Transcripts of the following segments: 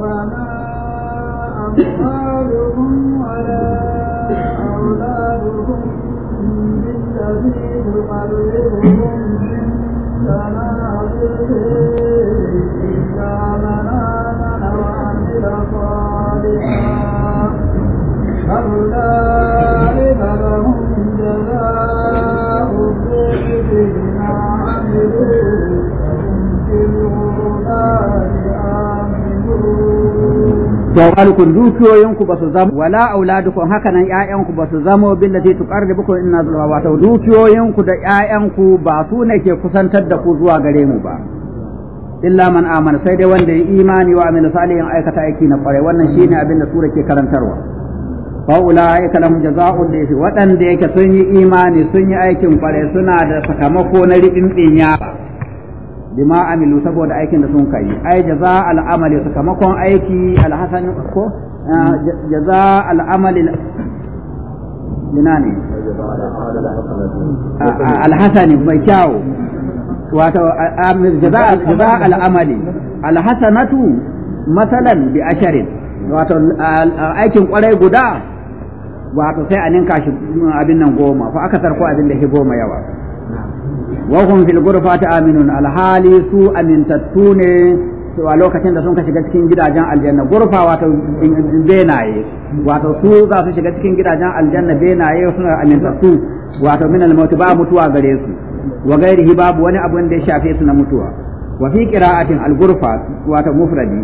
ولا أموالهم ولا أولادهم بالذي تقربهم عندنا to alkun dukiyoyinku ba su zama wala auladukum haka nan ƴaƴanku ba su zama billati tuqarribukum inna zulfa wato dukiyoyinku da ku ba su ne ke kusantar da ku zuwa gare mu ba illa man amana sai dai wanda ya imani wa amila salihin aikata aiki na kware wannan shine abin da sura ke karantarwa fa ulaika lahum jazaa'un da waɗanda yake sun yi imani sun yi aikin kware suna da sakamako na riɓin ɓinya bima amilu saboda aikin da sun kai ai jaza al'amali sakamakon aiki alhasan ko ah, jaza al'amali lina ne ah, ah, alhasani mai kyawu wato jaza al'amali alhasanatu matsalan bi asharin wato aikin kwarai guda wato sai a ninka shi abin nan goma ko aka tarko abin da ke goma yawa wa hum fil ghurfati aminun alhali su amintattu ne a lokacin da sun ka shiga cikin gidajen aljanna gurfa wato benaye su za su shiga cikin gidajen aljanna benaye suna amintattu wato min al ba mutuwa gare su wa gairihi babu wani abin da ya shafe na mutuwa wa fi qira'atin al-ghurfa wato mufradi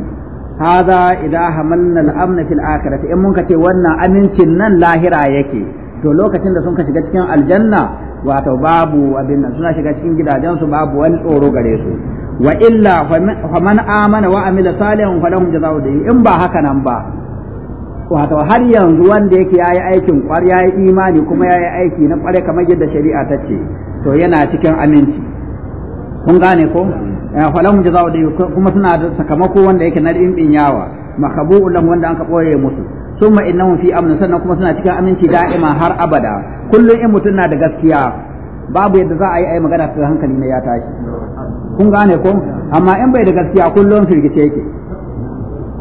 hadha idha hamalna al-amna fil akhirati in mun ka ce wannan amincin nan lahira yake to lokacin da sun ka shiga cikin aljanna wato babu abin nan suna shiga cikin gidajensu babu wani tsoro gare su wa illa fa man amana wa amila salihan lahum jazaa'u dayyi in ba haka nan ba wato har yanzu wanda yake yayi aikin kwar yayi imani kuma yayi aiki na kware kamar yadda shari'a ta ce to yana cikin aminci kun gane ko eh, lahum jazaa'u dayyi kuma suna da sakamako wanda yake na dimbin yawa makabu'un wanda an ka boye musu summa innahum fi amn sannan kuma suna cikin aminci da'ima har abada kullum in mutum na da gaskiya babu yadda za a yi ai magana ta hankali ne ya tashi kun gane ko amma in bai da gaskiya kullum firgice yake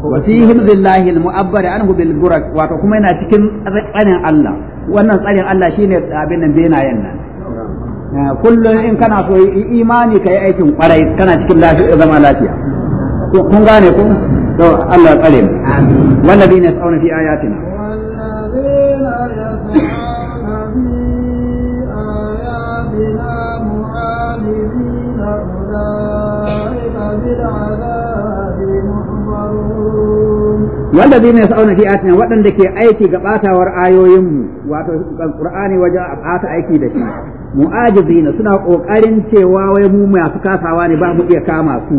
wa fi himzillahi almu'abbar anhu bil burak wato kuma yana cikin tsarin Allah wannan tsarin Allah shine abin nan benayen nan kullum in kana so imani kai aikin kwarai kana cikin lafiya zama lafiya kun gane ko to Allah ya tsare mu amin wallazina yas'una fi ayatina wallazi ne sa'una fi atina waɗanda ke aiki ga ɓatawar ayoyinmu wato Al-ƙur'ani wajen ɓata aiki da shi mu'ajizina suna ƙoƙarin cewa wai mu masu kasawa ne ba mu iya kama su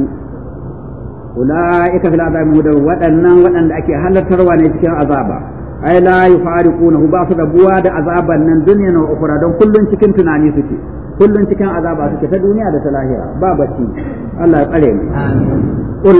ulaika fil azabi da waɗannan waɗanda ake halartarwa ne cikin azaba ai la yufariqunahu ba su rabuwa da azaban nan duniya na ukura don kullun cikin tunani suke kullun cikin azaba suke ta duniya da ta lahira ba bacci Allah ya tsare mu amin qul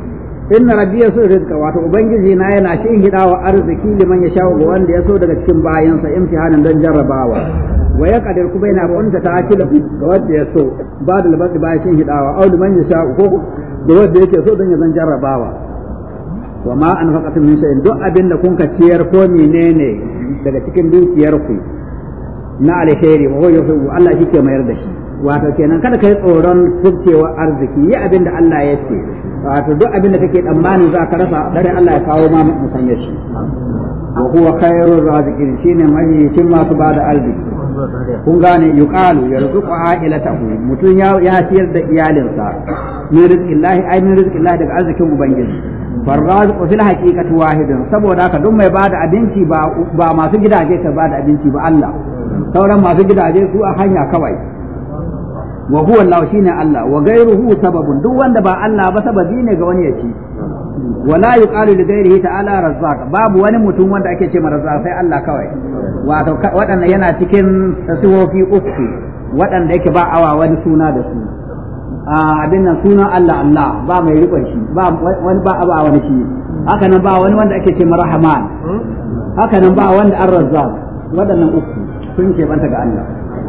inna rabbi yasu rizqa wato ubangiji na yana hida hidawa arziki liman ya sha ga wanda ya so daga cikin bayansa imtihanan dan jarrabawa wa ya kadir kuma yana wanda ta ci da ga wanda ya so ba da labar shi hida wa au liman ya sha ko da wanda yake so dan ya zan jarrabawa wa ma anfaqatum min shay'in duk abin da kun ka ciyar ko menene daga cikin dukiyar ku na alheri wa huwa yuhibbu Allah shi ke mayar da shi wato kenan kada kai tsoron kubcewa arziki yi abin da Allah ya ce wato duk abin da kake tsammanin za ka rasa dare Allah ya kawo ma musanya shi wa huwa khairur raziqin shine mai mahiyyin masu su bada arziki kun gane yuqalu yarzuqu ailatahu mutun ya ya siyar da iyalinsa min rizqillahi ai min rizqillahi daga arzikin ubangiji farraziqu fil haqiqati wahidun saboda ka duk mai bada abinci ba ba masu gidaje ka bada abinci ba Allah sauran masu gidaje su a hanya kawai wa huwa Allah ne Allah wa ghayruhu sababun duk wanda ba Allah ba sababi ne ga wani ya ci wala yuqalu li ghayrihi ta'ala razzaq babu wani mutum wanda ake ce razzaq sai Allah kawai wato waɗannan yana cikin sifofi uku wadanda yake ba awa wani suna da su abin nan sunan Allah Allah ba mai riƙon shi ba wani ba awa wani shi haka nan ba wani wanda ake ce rahman haka nan ba wanda an razzaq waɗannan uku sun ke banta ga Allah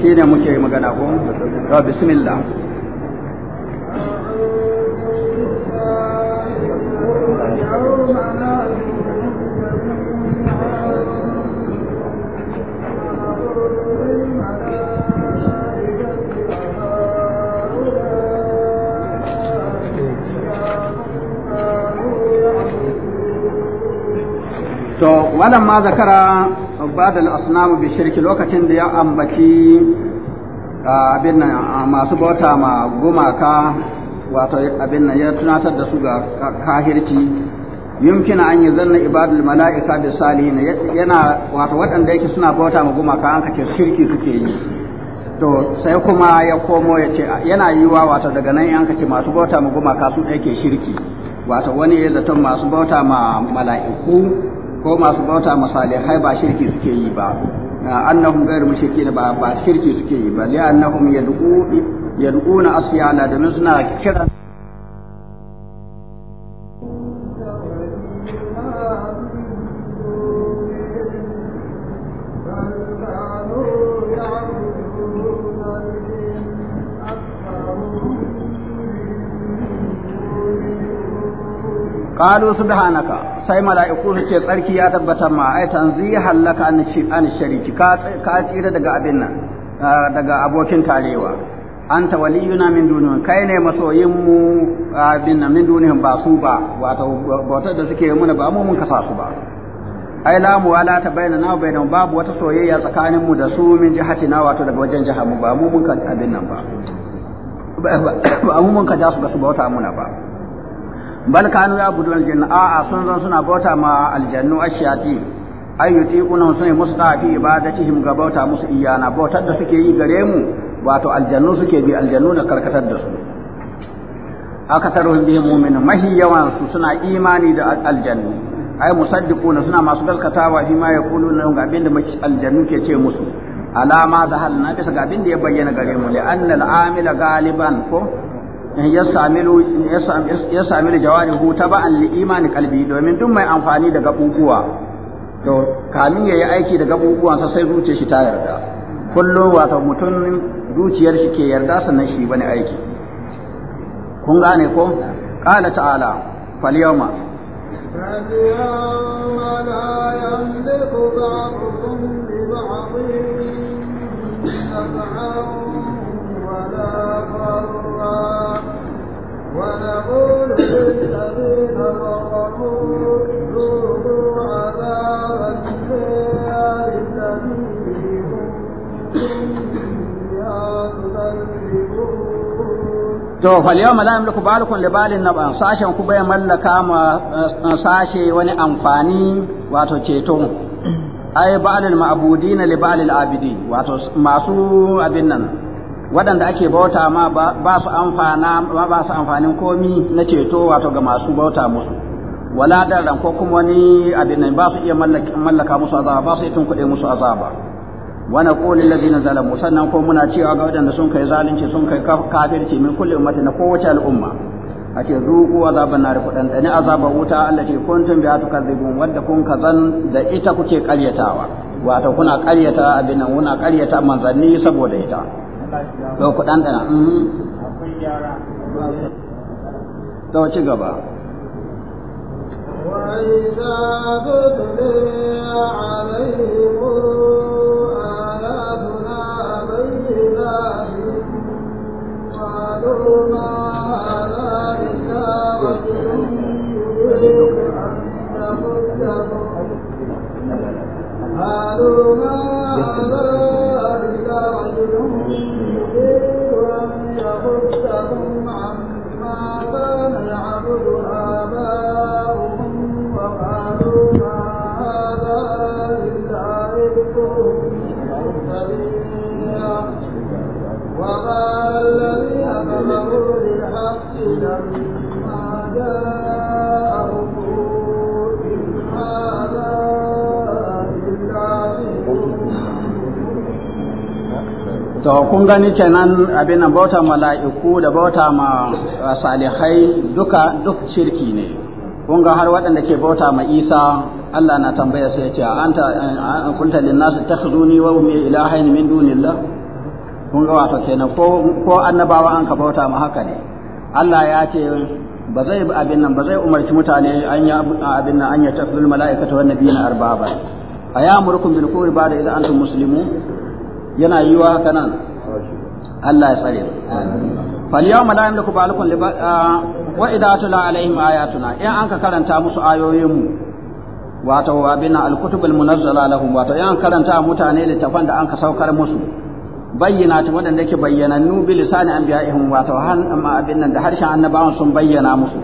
shi ne muke magana ko to bismillah to walamma zakara badal asnamu bi shirki lokacin da ya ambaci abin nan masu bauta ma gumaka wato abin nan ya tunatar da su ga kahirci yumkina an yi zanna ibadul mala'ika bi salihin yana wato waɗanda yake suna bauta ma gumaka an kace shirki suke yi to sai kuma ya komo ya ce yana yiwa wato daga nan an kace masu bauta ma gumaka su ɗake shirki wato wani ya zaton masu bauta ma mala'iku ko masu bauta masalihai ba shirki suke yi ba annahum ghairu mushrikin ba ba shirki suke yi ba li annahum yad'u yad'una asyala domin suna kira قالوا سبحانك sai mala'iku su ce tsarki ya tabbata ma ai ya hallaka an shariki ka tsira daga abin nan daga abokin tarewa anta waliyuna min dunihim kai ne masoyin mu abin nan min dunihim ba su ba wato bautar da suke muna ba mu mun kasa su ba ai la mu wala ta bayyana na bayyana babu wata soyayya tsakanin mu da su min jihati na wato daga wajen jihar mu ba mu mun ka abin nan ba ba mu mun ka jasu ga su bauta muna ba bal kanu ya budu aljanna jinna a sun zan suna bauta ma aljannu ashiyati ay yutiquna sun yi musu fi ibadatihim ga bauta musu iyana bautar da suke yi gare mu wato jannu suke bi jannu na karkatar da su aka taro bi mu'min mahi yawan su suna imani da jannu ay musaddiquna suna masu gaskatawa fi ma yaquluna ga abin da jannu ke ce musu alama da hal na bisa ga abin da ya bayyana gare mu li anna al-amila galiban ko ya sami ba taba'an li imani kalbi domin duk mai amfani da gabubuwa to kamin ya yi aiki da sa sai zuciyar shi ta yarda kullum wato mutum zuciyar shi ke yarda sannan shi wani aiki kun gane ko qala ta'ala fal yawma ولا To falyau ma lam ku balukun libalin na sashen ku bai mallaka ma eh, sashe wani amfani wato ceto ai ba'alul ma'budina libalil abidi wato masu abin nan waɗanda ake bauta ma ba su amfana ba su amfanin komi na ceto wato ga masu bauta musu wala darran ko kuma wani abin ba su iya mallaka musu azaba ba su iya tunkuɗe musu azaba wa naqulu allazina zalamu sannan ko muna cewa ga waɗanda sun kai zalunci sun kai kafirci min kulli ummati na kowace al'umma a ce zuku azaban nar ku dan azaban wuta allati kuntum biha tukadzibun wadda kun kazan da ita kuke ƙaryatawa wato kuna ƙaryata abin nan kuna ƙaryata manzanni saboda ita to ku dan dana to ci gaba وإذا تتلي عليهم آياتنا بينات قالوا ما هذا إلا رجل يريد أن يصدكم قالوا ما هذا to kun gani kenan abin bauta mala'iku da bauta ma eh, salihai duka duk shirki ne kun ga har waɗanda ke bauta ma Isa Allah na tambaya sai ya ce anta kunta eh, lin nas takhuduni wa ummi ilahin min dunillah kun ga wato kenan ko ko annabawa an ka bauta ma haka ne Allah ya ce ba zai abin nan ba zai umarci mutane an ya abin nan an ya tafdul mala'ikata wa nabiyina arbaba aya murkum bil kufri ba'da idan antum muslimun yana yi wa haka nan Allah ya tsare فاليوم لا يملك بالكم لب... آه... وإذا تلى عليهم آياتنا إن أنك كرنتا musu ayoyinmu wato abin al-kutub al-munazzala lahum wato in karanta mutane littafan da ka saukar musu bayyana ke bayyana, yake bayyanannu bi lisani anbiya'ihim wato han amma um, abin da harshen annabawan sun bayyana musu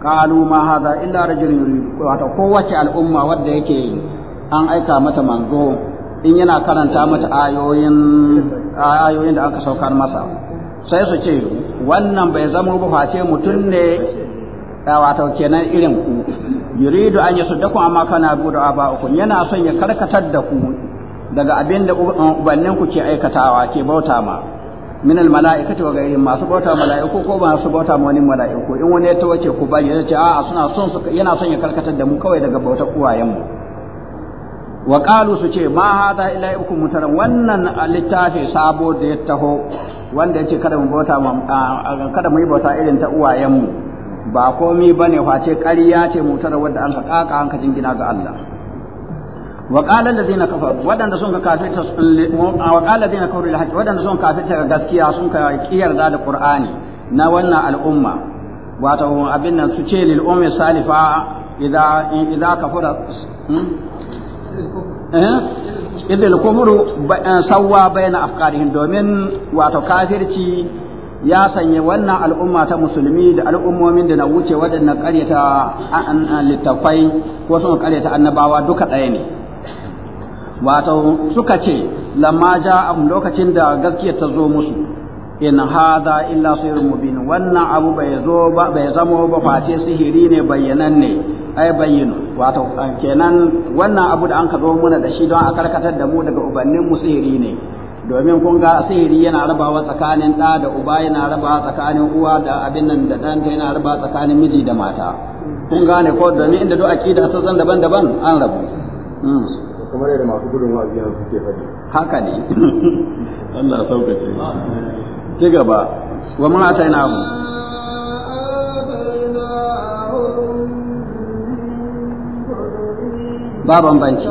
qalu ma hadha illa rajulun wato kowace al'umma wadda yake an aika mata manzo in yana karanta mata ayoyin da aka saukar masa sai su ce wannan bai zama face mutum ne ke kenan irin ku yuridu an yi su yasuddakum amma kana budu aba'ukum yana son ya karkatar da ku daga abin da ubannin ku ke aikatawa ke bauta ma min al ta ga irin masu bauta mala'iku ko ba su bauta wani mala'iku in wani ya tawace ku bari ya ce a suna son yana son ya karkatar da mu kawai daga bautar uwayen mu wa qalu su ce ma hada illa ibkum wannan littafi sabo da ya taho wanda yace kada mu bauta ah, kada mu yi bauta irin ta uwayenmu ba komai bane face ƙarya ce mutar wanda an haƙaƙa an kajin gina ga Allah wa qala alladhina kafaru wadanda sun ka kafirta wa qala alladhina kafaru lahaj wadanda sun ta gaskiya sun ka kiyarda da qur'ani na wannan al'umma wato abin nan su ce lil ummi salifa idza idza kafara hmm? idil eh? kufru eh, sawwa bayna afkarihin domin wato kafirci ya sanya wannan al'umma ta musulmi da al'ummomin da na wuce waɗannan ƙaryata littafai ko sun ƙaryata annabawa duka ɗaya ne wato suka ce lamma ja'ahum lokacin da gaskiyar ta zo musu in hada illa sirrun mubin wannan abu bai zo ba bai zamo ba face sihiri ne bayyanan ne ai bayyinu wato kenan wannan abu da an ka zo muna da shi don a karkatar da mu daga ubannin mu sihiri ne domin kun ga sihiri yana rabawa tsakanin ɗa da uba yana rabawa tsakanin uwa da abin nan da dan yana rabawa tsakanin miji da mata kun gane ko domin inda duk akida san daban-daban an rabu hmm. kamar yadda masu gudun wa'azi suke faɗi haka ne Allah sauƙaƙe ci gaba wa mun ta ina mu ba bambanci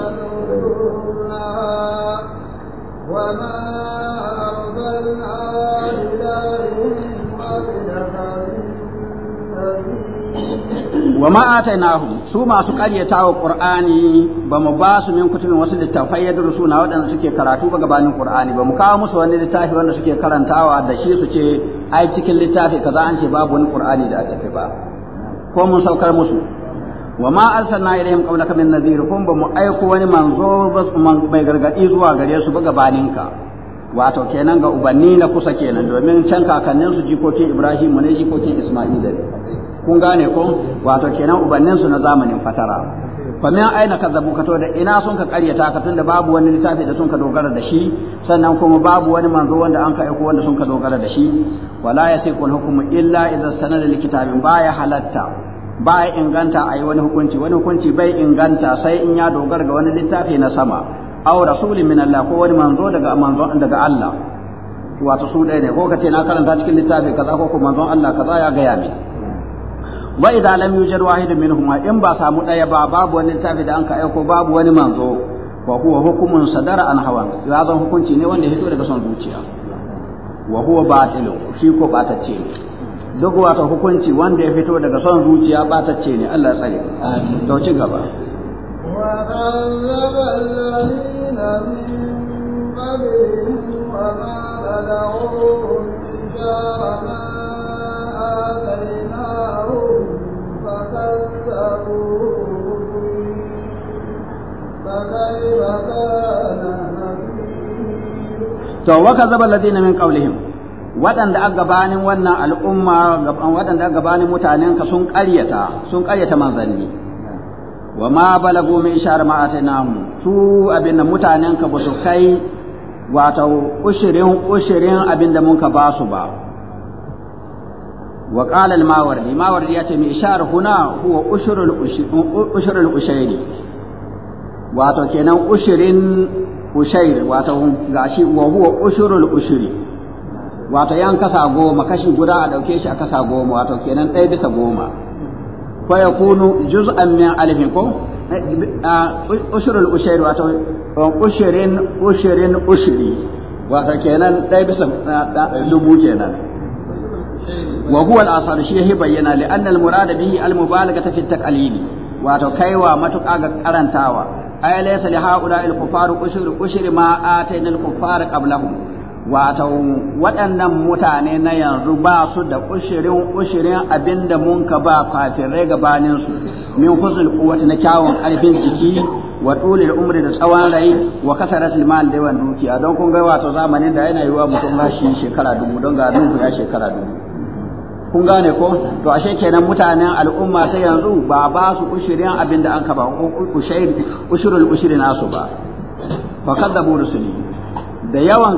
wa ma atainahum su masu qaryatawa qur'ani ba mu ba su min kutubin wasu littafai ya durusu na waɗanda suke karatu ba gabanin qur'ani ba mu kawo musu wani littafi wanda suke karantawa da shi su ce ai cikin littafi kaza an ce babu wani qur'ani da aka fi ba ko mun saukar musu wa ma arsalna ilayhim qablaka min nadhir kun ba mu aiko wani manzo mai gargadi zuwa gare su ba gabanin ka wato kenan ga ubanni na kusa kenan domin can kakannin su jikokin Ibrahim ne jikokin Isma'ila kun gane ko wato kenan ubannin su na zamanin fatara fa min aina kazzabu ka to da ina sun ka karyata ka tunda babu wani littafi da sun ka dogara da shi sannan kuma babu wani manzo wanda an ka aiko wanda sun ka dogara da shi wala yasiqul hukmu illa idza sanada likitabin baya halatta ba ya inganta a yi wani hukunci wani hukunci bai inganta sai in ya dogara ga wani littafi na sama aw rasulin min Allah ko wani manzo daga manzo daga Allah wato su ɗaya ne ko ka ce na karanta cikin littafi kaza ko kuma manzon Allah kaza ya gaya mini wa idza lam yujad wahidun minhum in ba samu daya ba babu wani littafi da an ka aiko babu wani manzo wa huwa hukumun sadara an hawa ya zan hukunci ne wanda ya fito daga son zuciya wa huwa batilu shi ko batacce ne duk wata hukunci wanda ya fito daga son zuciya batacce ne Allah ya tsare to ci gaba وعذب الذين من قبلهم وما بلغوا ما آتيناهم to waka zaba ladina min qaulihim waɗanda a gabanin wannan al'umma waɗanda a gabanin mutanen ka sun ƙaryata sun ƙaryata manzanni wa ma balagu min ishar ma namu, su abinda mutanen ka ba su kai wato ushirin ushirin abinda mun ka ba su ba وقال الماوردي ماوردي يأتي من إشار هنا هو أشر الأشر الأشيري واتو كنا أشر أشير واتو غاشي وهو أشر الأشري واتو يان كسا غوما كشي غدا أدو كيشي أكسا غوما واتو كنا أي بس غوما فيكون جزءا من ألف كو أشر الأشير واتو أشر أشر أشري واتو كنا أي بس لبو كنا wa huwa al-asar shi yahi bayyana li anna al-murada bihi al-mubalaghata fi at-taqlid kaiwa matuƙa ga karantawa ay laysa li haula al-kuffar ushur ushur ma atayna al-kuffar qablahum wato waɗannan mutane na yanzu ba su da ushirin ushirin abinda mun ka ba kafirai gabanin su min husnul quwwati na kyawun ƙarfin jiki wa tulil umri da tsawon rai wa kasaratul mal da yawan dukiya don kun ga wato zamanin da yana yiwa mutum ba shi shekara dubu don ga nuhu ya shekara dubu kun gane ko to ashe kenan mutanen al'umma ta yanzu ba ba su ushirin abin da an ba ushirul ushirin nasu ba fa kadzabu rusuli da yawan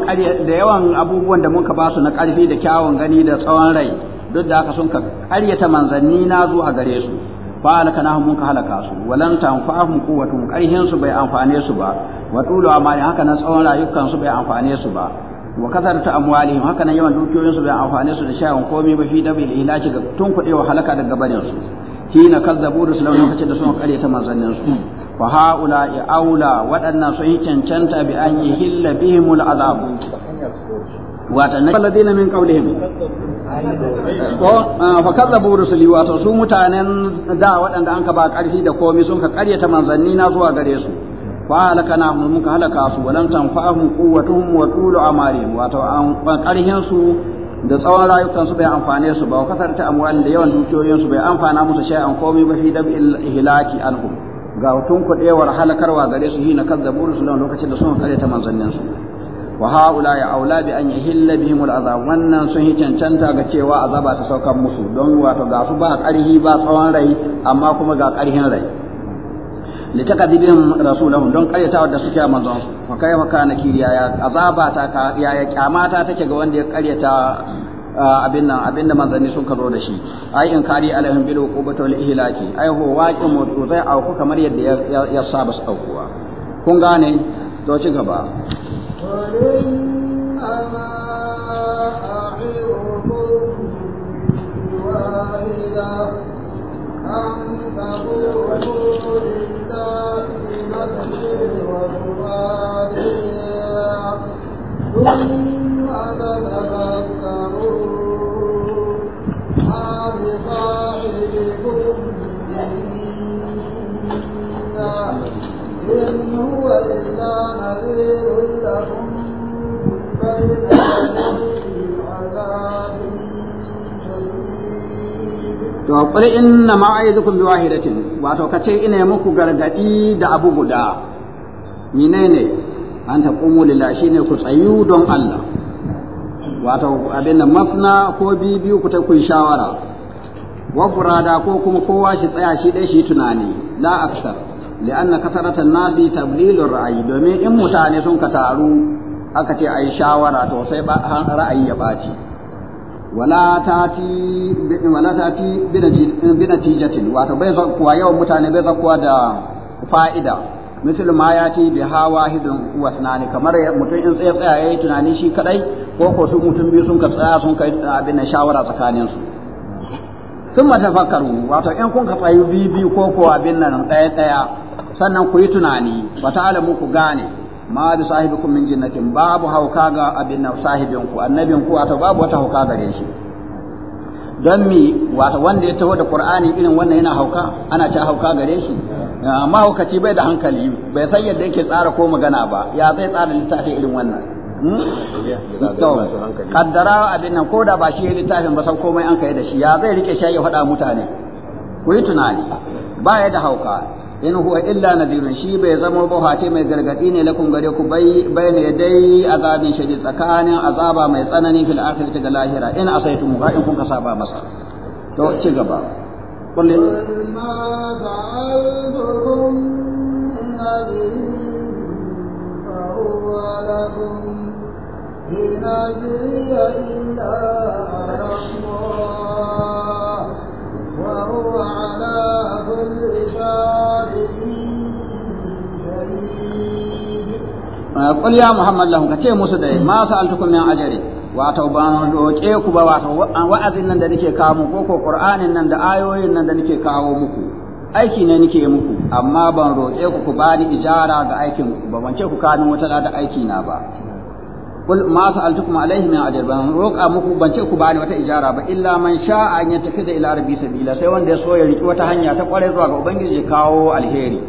da yawan abubuwan da muka ba su na karfi da kyawun gani da tsawon rai duk da haka sun ka ƙaryata manzanni na zuwa gare su fa alkanahum mun ka halaka su walan tanfa'ahum quwwatun karhin su bai amfane su ba wa tulu amani haka nan tsawon rayukan su bai amfane su ba wa ta amwalihim haka nan yawan dukiyoyin su bai amfane su da shawon komai ba fi dabil ilaci ga tun kuɗe wa halaka daga barin su hina kazzabu rusulan lokacin da suka kare ta manzannin su fa haula ya aula waɗannan sun yi cancanta bi an yi hilla bihimul azabu wata na alladina min qawlihim ko fa kazzabu rusuli wato su mutanen da waɗanda an ka ba ƙarfi da komai sun ka ƙaryata manzanni na zuwa gare su فهلكناهم منك هلكاسوا ولم تنفعهم قوتهم وطول أمارهم وأنقرهم سوء da tsawon rayukansu bai amfane su ba wa kasar ta amwal da yawan su bai amfana musu shay an komai ba fi dab ihlaki anhum ga tun kudewar halakarwa gare su hina kazzabu rusulan lokacin da sun kare ta manzannin su wa haula ya aula bi an yahilla bihim al'azab wannan sun yi cancanta ga cewa azaba ta saukan musu don wato ga su ba karhi ba tsawon rai amma kuma ga karhin rai litakadibin rasulahum don karyatawa da suke manzon su fa kaifa kana kiriya ya azaba ta ka ya ya kyamata take ga wanda ya karyata abin nan abin da manzanni sun karo da shi ai in kari alaihim bil uqubati wal ihlaki ai ho waqi mutu zai auku kamar yadda ya saba su aukuwa kun gane to ci gaba أم تقولوا والنجم والراديع ثم تتفكروا ما إن هو إلا نذير لكم بين يديه to qul inna ma a'idukum bi wahidatin wato kace ina muku gargadi da abu guda menene an qumu lillahi shine ku tsayu don Allah wato abinda masna mafna ko biyu ku ta kun shawara wa furada ko kuma kowa shi tsaya shi dai shi tunani la aksar li'anna kasaratan nasi tablilur ra'ayi domin in mutane sun ka taru aka ce ai shawara to sai ra'ayi ya baci wala ta tati wala tati binatijatin wato bai kuwa yawan mutane bai kuwa da fa'ida misal ma ya ce bi hawa hidin wasnani kamar mutum in tsaye tsaya yayi tunani shi kadai ko ko su mutum biyu sun ka tsaya sun kai abin na shawara tsakanin su sun matafakaru wato in kun ka tsayu bi bi ko ko abin nan tsaya tsaya sannan ku yi tunani ba ta alamu ku gane ma bi sahibikum min jinnatin babu hauka ga abin ku annabin ku wato babu wata hauka gare shi don mi wato wanda ya taho da qur'ani irin wannan yana hauka ana ci hauka gare shi amma haukaci bai da hankali bai san yadda yake tsara ko magana ba ya zai tsara littafin irin wannan hmm? kaddara abin nan ko da ba shi littafin ba san komai an kai da shi ya zai rike shi ya faɗa mutane ku yi tunani ba ya da hauka in huwa illa nadirun shi bai zama ba mai gargadi ne lakum gare ku bai ne dai azabin shadi tsakanin azaba mai tsanani fil akhirati ga lahira in asaitum ga in kun ka saba masa to ci gaba kullu ma za'altum rahmah على كل شارع شهيد قل يا محمد لهم كتير موسى ما سألتكم من أجري wato ban roƙe ku ba wato wa'azin nan da nake kawo muku ko Qur'anin nan da ayoyin nan da nake kawo muku aiki ne nake muku amma ban roƙe ku ku bani ijara ga aikin ku ba wance ku kamin wata da aiki na ba kul ma sa'altukum alaihi min ajr ban roƙa muku ban ce ku bani wata ijara ba illa man sha'a an da ila rabbi sabila sai wanda ya so ya riki wata hanya ta kware zuwa ga ubangiji ya kawo alheri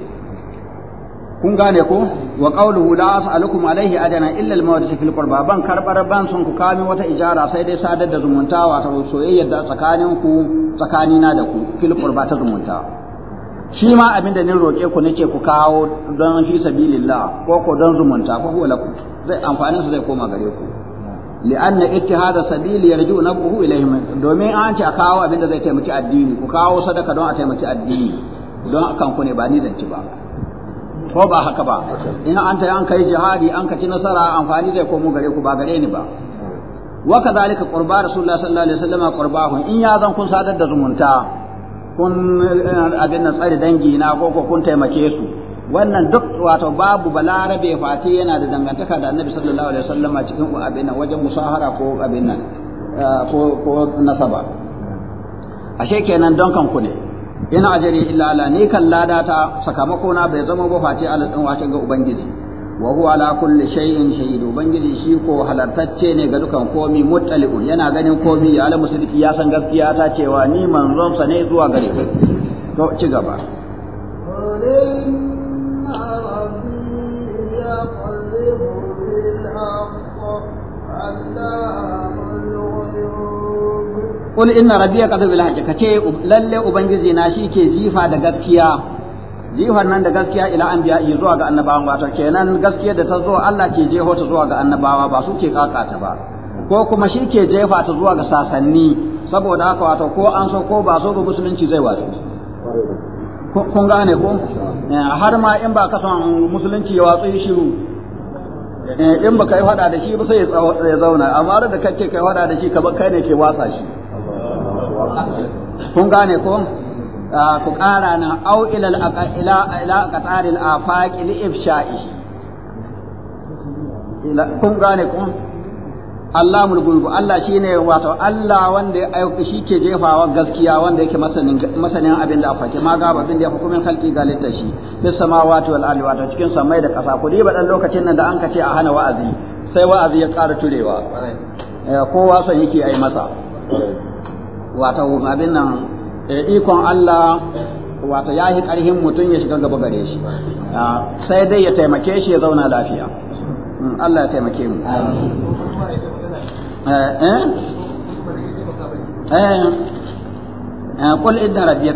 kun gane ko wa qawluhu la as'alukum alaihi ajana illa al mawaddati fil qurba ban karbar ban sun ku kawo wata ijara sai dai sadar da zumunta ta soyayya da tsakanin ku tsakanina da ku fil qurba ta zumunta shi ma abinda ni roƙe ku nace ku kawo don fi sabilillah ko ko don zumunta ko huwa lakum amfanin su zai koma gare ku li'anna ittihada sabili yarju nabuhu ilaihim domin an ce a kawo abinda zai taimaki addini ku kawo sadaka don a taimaki addini don akan ku ne ba ni ci ba ko ba haka ba in an ta an kai jihadi an kaci nasara amfani zai komo gare ku ba gare ni ba wa kadhalika qurba rasulullah sallallahu alaihi wasallam qurbahun in ya zan kun sadar da zumunta kun eh, abin nan tsari dangi na ko kun taimake su wannan duk wato babu balarabe fati yana da dangantaka da annabi sallallahu alaihi wasallam a cikin abin nan wajen musahara ko abin eh, ko ko nasaba ashe kenan don kanku ne ina ajari illa ala ni kan lada ta sakamako na bai zama ba fati ala din wace ga ubangiji wa huwa ala kulli shay'in shahid ubangiji shi ko halartacce ne ga dukan komi muttali'un yana ganin komi ya ala musulmi ya san gaskiya ta cewa ni manzon sa ne zuwa gare ku to ci gaba Kul inna rabbiya qad bil ka ce lalle ubangiji na shi ke jifa da gaskiya jifan nan da gaskiya ila an biya yi zuwa ga annabawan wato kenan gaskiya da ta zo Allah ke jeho ta zuwa ga annabawa ba su ke kaka ta ba ko kuma shi ke jefa ta zuwa ga sasanni saboda haka wato ko an so ko ba so ba musulunci zai wato kun gane ku? Eh, har ma in ba ka son musulunci ya watsu shiru eh, in ba ka yi faɗa da shi ba sai ya zauna amma da kake kai faɗa da shi kamar kai ne ke watsa shi kun gane ko ah, ku ƙara nan au ila ila ila qataril afaq li ifsha'i kun gane ko Allah gulbu Allah shine wato Allah wanda ya aika shi ke jefawa gaskiya wanda yake masanin masanin abin da afake ma ga abin da ya hukumin halki galitta shi bis samawati wal ardi wato cikin samai da kasa ku ba dan lokacin nan da an kace a hana wa'azi sai wa'azi ya ƙara turewa eh, kowa san yake ai masa wato abin nan eh, ikon Allah wato ya yi ƙarhin mutum ya shiga gaba gare shi ah, sai dai ya taimake shi ya zauna lafiya hmm, Allah ya taimake mu قل إن ربي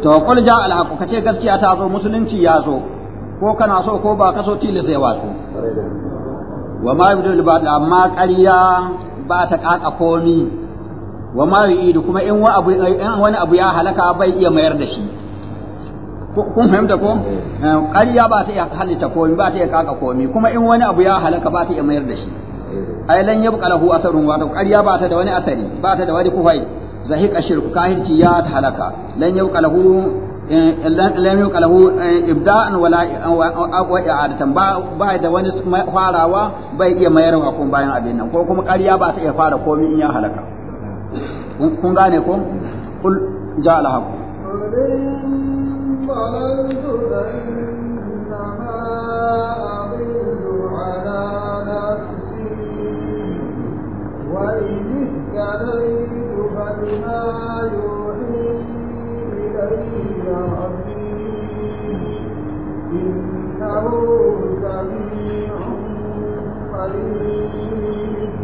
to ja al haqq kace gaskiya ta zo musulunci ya zo ko kana so ko ba ka so tilis ya wato wa ma yudul ba amma ƙarya ba ta kaka komi wa ma idu kuma in wani abu ya halaka bai iya mayar da shi kun fahimta ko eh. Eh, ƙarya ba ta iya halitta komi ba ta iya kaka komi kuma in wani abu ya halaka ba ta iya mayar da shi eh. ai lan yabqa lahu asarun wa ƙarya ba ta da wani asari ba ta da wani kufai zahiqa shirku kahirci ya ta halaka lan yabqa lahu lan yabqa lahu ibda'an wala wa i'adatan ba ba da wani farawa bai iya mayarwa kun bayan abin nan ko kuma ƙarya ba ta iya fara komi in ya halaka kun gane ko kul ja alhaq وإن اهتديت فبما يوحي إلي ربي إنه سميع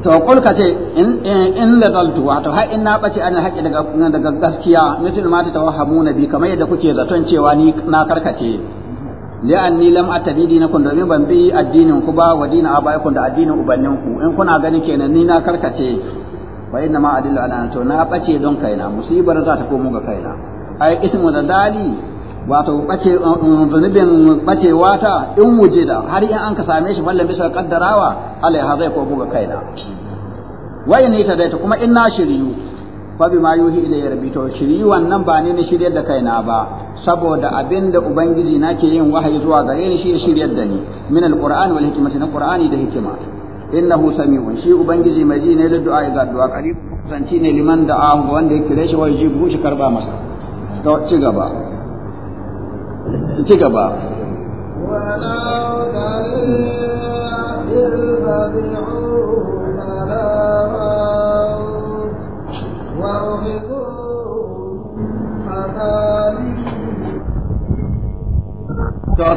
to kul ka ce in ladaltu wato har in na bace ana haƙi daga daga gaskiya mutum ma ta tawahhamu nabi kamar yadda kuke zaton cewa ni na karkace anni lam atabi dinakum domin ban bi addinin ku ba wa dinin abaikum da addinin ubannin ku in kuna gani kenan ni na karkace wa inna ma adillu ala to na bace don kaina musibar za ta komo ga kaina ai ismu da dali wato bace uh, um, zunubin bace wata in wujida har in an ka same shi wallan bisa kaddarawa ya hazai ko buga kaina ni ta dai ta kuma in na shiryu fa bima yuhi ila rabbi to shiriyu wannan ba ne na shiryar da kaina ba saboda abinda ubangiji nake yin wahayi zuwa gare ni shi shiryar da ni min alquran wal hikmati na qur'ani da hikima innahu samiu shi ubangiji mai ji ne da du'a ga du'a qarib kusanci ne liman da wanda ya kire shi wa yajibu shi karba masa to ci gaba ci gaba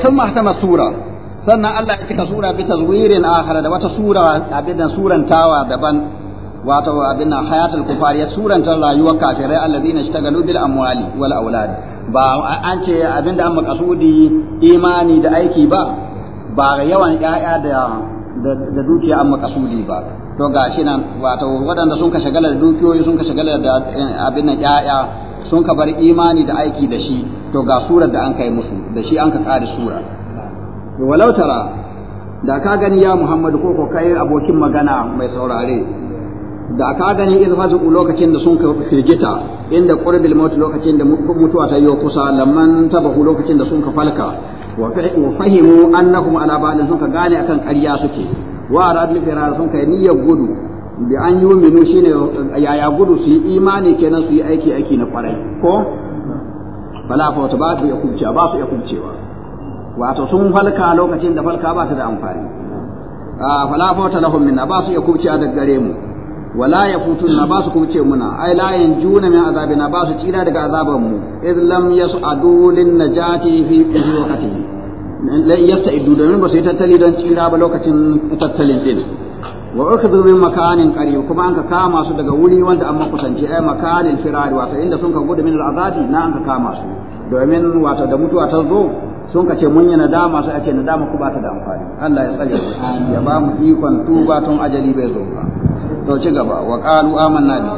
ثم اختم السورة سنة الله يتكى سورة بتزوير آخر وتا سورة أبدا سورة تاوى دبن واتو أبدا حياة الكفار سورة الله يوكا في الذين اشتغلوا بالأموال والأولاد ba an ce abin da an makasudi imani da aiki ba ba yawan ƴaƴa da da dukiya an makasudi ba to gashi nan wato waɗanda sun ka shagala da dukiyoyi sun ka shagala da eh, abin nan ƴaƴa sun ka bar imani da aiki da shi to ga surar da an kai musu da shi an ka tsari sura walau tara da ka gani ya Muhammadu ko ko kai abokin magana mai saurare da aka gani iz fazu lokacin da sun ka firgita inda qurbil maut lokacin da mutuwa ta yi kusa lamman tabahu lokacin da sun ka falka wa fahimu annahum ala ba'd sun ka gane akan ƙarya suke wa aradu firar sun kai niyyar gudu bi an yuminu shine yaya gudu su yi imani kenan su yi aiki aiki na kwarai ko fala fa ba su ya kubce ba su ya kubcewa wato sun falka lokacin da falka ba su da amfani ah, fala ta lahum minna ba su ya kuce a gare mu wala yafutunna ba su kuce muna ai la yanjuna min azabina ba su tsira daga azaban mu id lam yas'adu lin najati fi waqti lan yasta'idu domin ba su yi tattali don tsira ba lokacin tattalin din wa ukhadhu min makanin qarib kuma an ka kama su daga wuri wanda an kusanci ai makanin firari wato inda sun ka gudu min al'azati na an ka kama su domin wato da mutuwa ta zo sun ka ce mun yi nadama sai a ce nadama ku ba ta da amfani Allah ya tsare ya ba mu ikon tuba tun ajali bai zo ba to ci gaba wa qalu amanna bi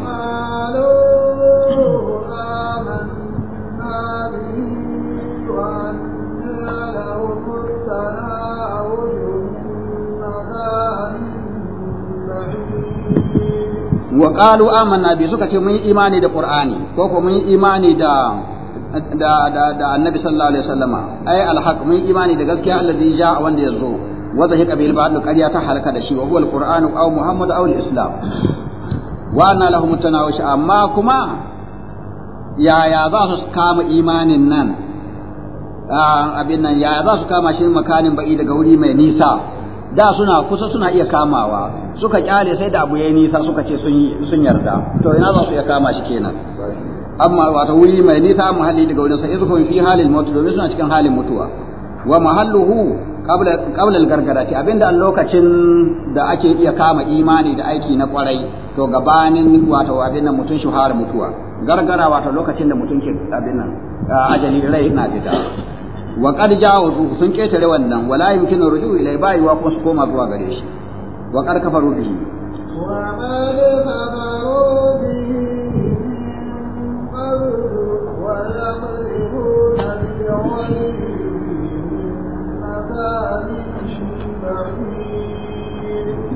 wa qalu amanna bi suka ce mun yi imani da qur'ani ko ko mun yi imani da da da annabi sallallahu alaihi wasallama ai alhaq mun yi imani da gaskiya alladhi ja'a wanda yazo shi zahiqa bil ba'd qarya ta halaka da shi wa huwa al-qur'an aw muhammad aw al-islam wa anna lahum tanawish amma kuma yaya za su kama imanin nan abin nan yaya za su kama shi makanin ba'i daga wuri mai nisa da suna kusa suna iya kamawa suka kyale sai da abu yayi nisa suka ce sun yarda to ina za su iya kama shi kenan amma wata wuri mai nisa muhalli daga wurin sai suka fi halin mutu domin suna cikin halin mutuwa wa mahalluhu qabla al-gargarati abinda a lokacin da ake iya kama imani da aiki na kwarai to gabanin wato abin nan mutun shuhar mutuwa gargara wato lokacin da mutun ke abin nan ajali rai na fita wa qad jawazu sun ketare wannan wala yumkinu ruju'u ilai bai wa kuma su koma zuwa gare shi wa qad kafaru bihi wa qad kafaru bihi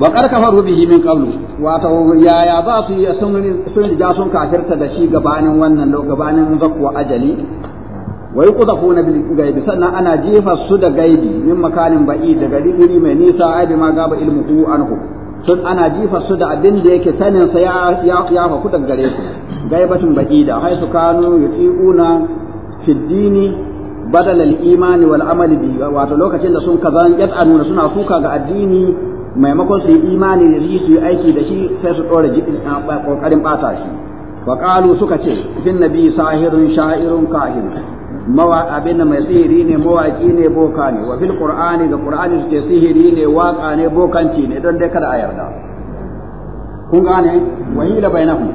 wa kafar kafaru bihi min qablu yaya za su yi sun sun riga sun kafirta da shi gabanin wannan lo gabanin zakwa ajali wa yuqdafuna bil gaibi sannan ana jefa su da gaibi min makalin ba'i daga gari mai nisa ai ma gaba ku anhu sun ana jefa su da abin da yake sanin sa ya ya fa kudan gare su gaibatun ba'ida hay su kanu yuti'una fi dini badal al-iman wal amal bi wato lokacin da sun kazan yad'anu suna kuka ga addini maimakon su yi imani da shi su yi aiki da shi sai su dora kokarin bata shi wa qalu suka ce fin nabi sahirun sha'irun kahin mawa abin mai sihiri ne mawaki ne boka ne wa fil qur'ani ga qur'ani suke sihiri ne waka ne bokanci ne don dai kada a yarda kun gane wahila bainahum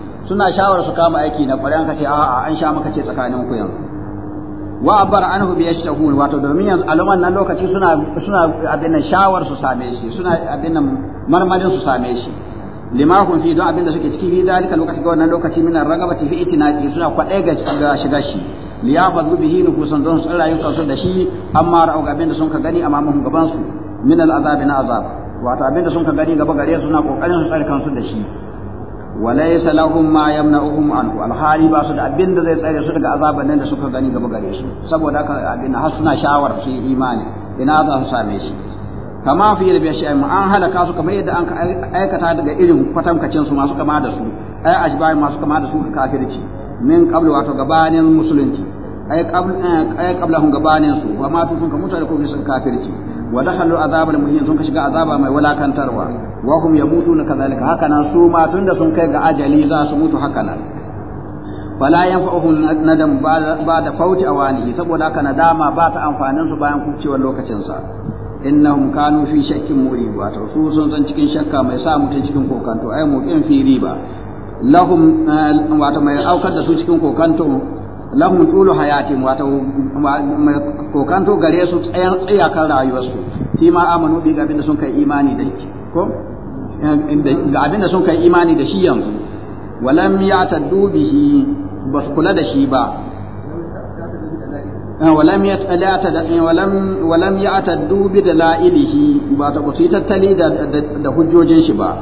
suna shawar su kama aiki na kwarai an ce a'a an sha maka ce tsakanin ku yanzu wa abar anhu bi yashtahun wato domin yanzu aluman nan lokaci suna suna abin shawar su same shi suna abin nan marmarin su same shi lima kun fi don abin da suke ciki fi dalika lokaci ga wannan lokaci min ragabati fi ke, suna kwaɗe ga shiga shi liyafadu bihi nufusan don su yin kansu da shi amma ra'u abin da sun ka gani amma mun gabansu, minan azabi al'azabi na azab wato abin da sun ka gani gaba gare suna na kokarin su tsare kansu da shi وليس لهم ما يمنعهم عنه alhali ba su da abin da zai tsare su daga azaban nan da suka gani gaba gare su saboda haka abin har suna shawar su imani ina za su same shi kama fi yadda shi an halaka su kamar yadda an aikata daga irin kwatankwacin su masu kama da su ai ashbai masu kama da su kafirci min qablu wato gabanin musulunci ai eh, qablahum gabanin kafirci wa dakhalu azabal muhin sun shiga azaba mai walakantarwa wa ya mutu kadhalika haka nan su ma da sun kai ga ajali za su mutu haka nan fala yanfa'uhum nadam ba da fauti awanihi saboda haka nadama ba ta amfanin su bayan kucewar lokacin sa innahum kanu fi shakkin murib su sun san cikin shakka mai sa cikin kokanto ai eh, mai aukar da su cikin kokanto lahum tulu ta wato kokanto gare su tsayan tsayakan rayuwarsu fi ma amanu bi ga abinda sun kai imani da shi ko eh, ga abinda sun kai imani da shi yanzu walam ya'taddu bihi ba kula da shi ba eh, walam ya eh, walam ya'taddu bi dalailihi ba ta kusi tattali da da hujjojin shi ba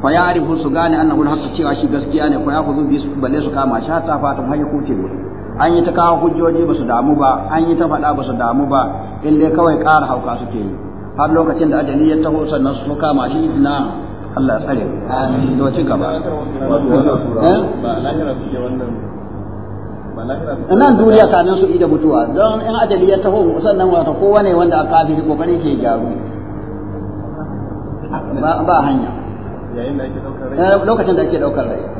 fa ya'rifu su gane annahu al-haqq cewa shi gaskiya ne fa ya bi su balle su kama shi ta fatan hayya kuce musu an yi ta kawo hujjoji ba su damu ba an yi ta faɗa ba su damu ba in dai kawai ƙara hauka suke yi har lokacin da ajali ya taho sannan su kama mashi na Allah ya tsare amin to ci ba eh? nan duniya kamin su ida mutuwa don in ajali ya taho sannan wata kowane wanda aka kafiri kokarin ke gyaru ba hanya eh, lokacin da ake daukar rai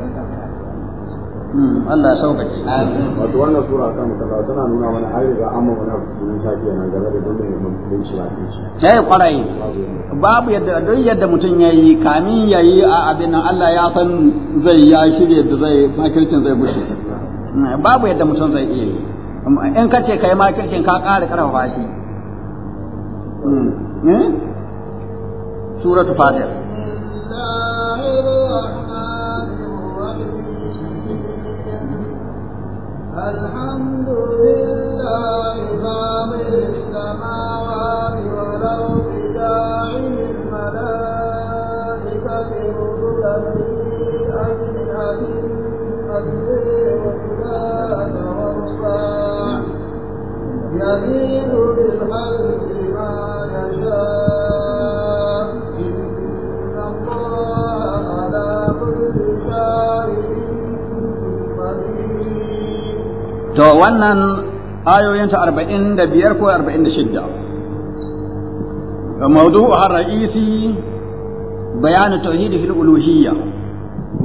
Allah ya sauƙaƙe wato wannan sura kan kaza tana nuna mana an riga an mamana mun sha biya nan game da dole ne mun shi lafiya eh kwarai babu yadda duk yadda mutum yayi kamin yayi a abin nan Allah ya san zai ya shirye da zai makircin zai bushe babu yadda mutum zai iya yi in ka ce kai makircin ka ƙara ƙarfafa shi hmm. Hmm? suratu fatir الحمد لله فاطر السماوات والأرض جاعل الملائكة رسلا أجنحة الدين والناس والصاع يزيد بالخلق to wannan ayoyinta arba'in da biyar ko arba'in da shidda har ra'isi bayanu tauhidi fil uluhiyya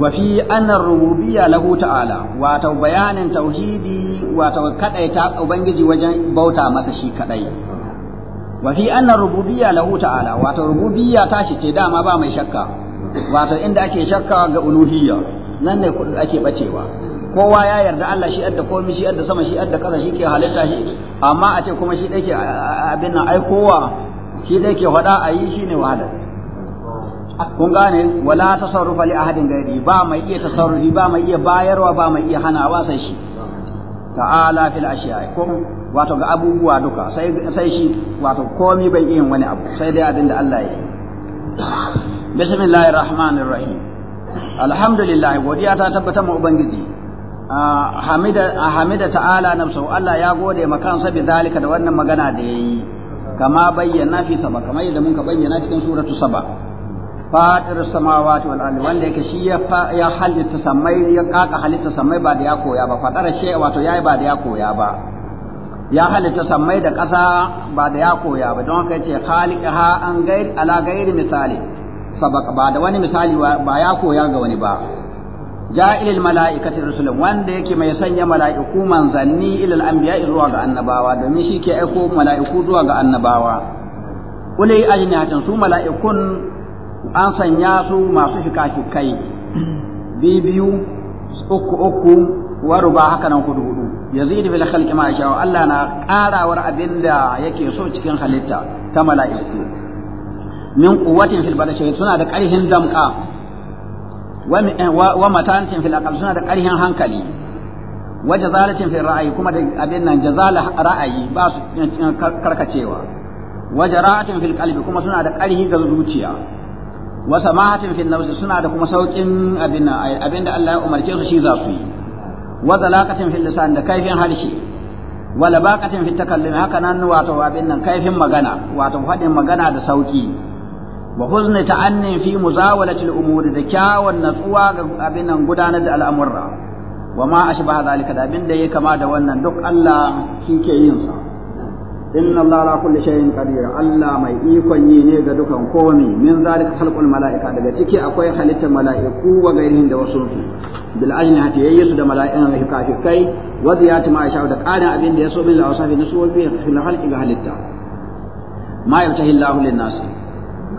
wa fi anna rububiyya lahu ta'ala wato bayanin tauhidi wato kadaita ubangiji wajen bauta masa shi kadai wa fi anna rububiyya lahu ta'ala wato rububiyya tashi ce dama ba mai shakka wato inda ake shakka ga uluhiyya nan ne ake bacewa kowa ya yarda Allah shi adda komi shi adda sama shi adda ƙasa shi ke halitta shi amma a ce kuma shi dake abin nan ai kowa shi dake faɗa a yi ne wahala kun gane wala tasarrufa li ahadin gari ba mai iya tasarrufi ba mai iya bayarwa ba mai iya hana hanawa sai shi ta'ala fil ashiya ko wato ga abubuwa duka sai sai shi wato komi bai yin wani abu sai dai abin da Allah ya yi bismillahir rahmanir rahim alhamdulillah godiya ta tabbata mu ubangiji Ah, A ah, hamida ta'ala na Sa'u Allah ya gode ma kansa bi zalika da wannan magana da ya yi kama bayyana fi saba kama yadda da ka bayyana cikin suratu saba fatir samawa ta ardi wanda yake shi ya ya halitta samai ya kaka halitta samai ba da ya koya ba fadar shi wato yayi ba da ya koya ba ya halitta samai da ƙasa ba da ya koya ba don haka yace khaliqaha an gair ala gairi misali sabaka ba da wani misali ba ya koya ga wani ba ja'ilil mala'ikati rusulan wanda yake mai sanya mala'iku manzanni ilal anbiya zuwa ga annabawa domin shi ke aiko mala'iku zuwa ga annabawa ulai ajnihatan su mala'ikun an sanya su masu fikafikai bibiyu uku uku wa ruba hakanan nan hudu hudu yazidu bil khalqi ma Allah na karawar abinda yake so cikin halitta ta mala'iku min quwwatin fil badashi suna da karhin damka Eh, wa matancin fil aqal suna da ƙarhin hankali wa jazalatin fil ra'ayi kuma da abin nan jazala ra'ayi ba su eh, eh, karkacewa wa jara'atin fil qalbi kuma suna da ƙarhi ga zuciya wa samahatin fil nafs suna da kuma saukin abin nan abin da Allah ya umarce su shi za su yi wa zalaqatin fil lisan da kaifin harshe wa labaqatin fil takallum haka nan wato abin nan kaifin magana wato faɗin magana da sauki wa ta ta'annin fi muzawalati al-umuri da kyawun natsuwa ga abin gudanar da al'amura. wa ma ashbaha zalika da abin da ya kama da wannan duk Allah shi ke yin sa inna Allah ala kulli shay'in qadir Allah mai ikon yi ne ga dukan komai min zalika khalqul malaika daga ciki akwai halittar mala'iku wa gairihin da wasu su bil ajnihati yayi su da mala'ikan kafikai wa ziyatu ma yasha da qarin abin da yaso min al-awsafi nasubi fil khalqi ga halitta ma yabtahi Allahu lin nasi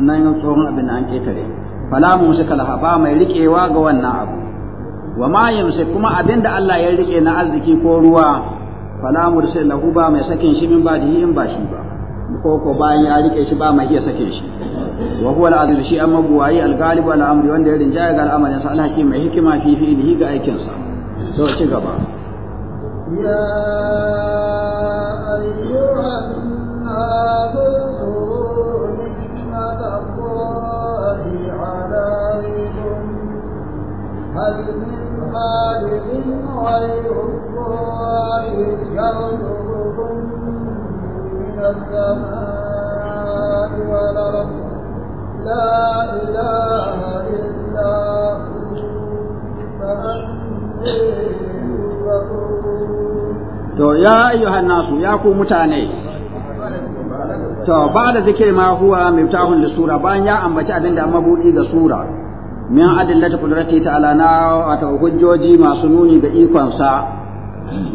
nan tsohon abin an ketare fala shi laha ba mai riƙewa ga wannan abu wa ma kuma abin da Allah ya riƙe na arziki ko ruwa fala shi lahu ba mai sakin shi min ba da in ba shi ba ko ko bayan ya riƙe shi ba mai iya sake shi wa huwa al-adil shi amma buwayi al-galibu wal amri wanda ya rinjaya ga al'amarin sa Allah ke mai hikima fi fi'lihi ga aikin sa to ci gaba ya ayyuhan هل من غير الله يرزقكم من السماء لا هو To ya ayyuhan nasu ya ku mutane, to ba da zikir ma huwa miftahun da sura bayan ya ambaci abin da mabuɗi ga sura. min adillati qudrati ta'ala na wato hujjoji masu nuni ga ikon sa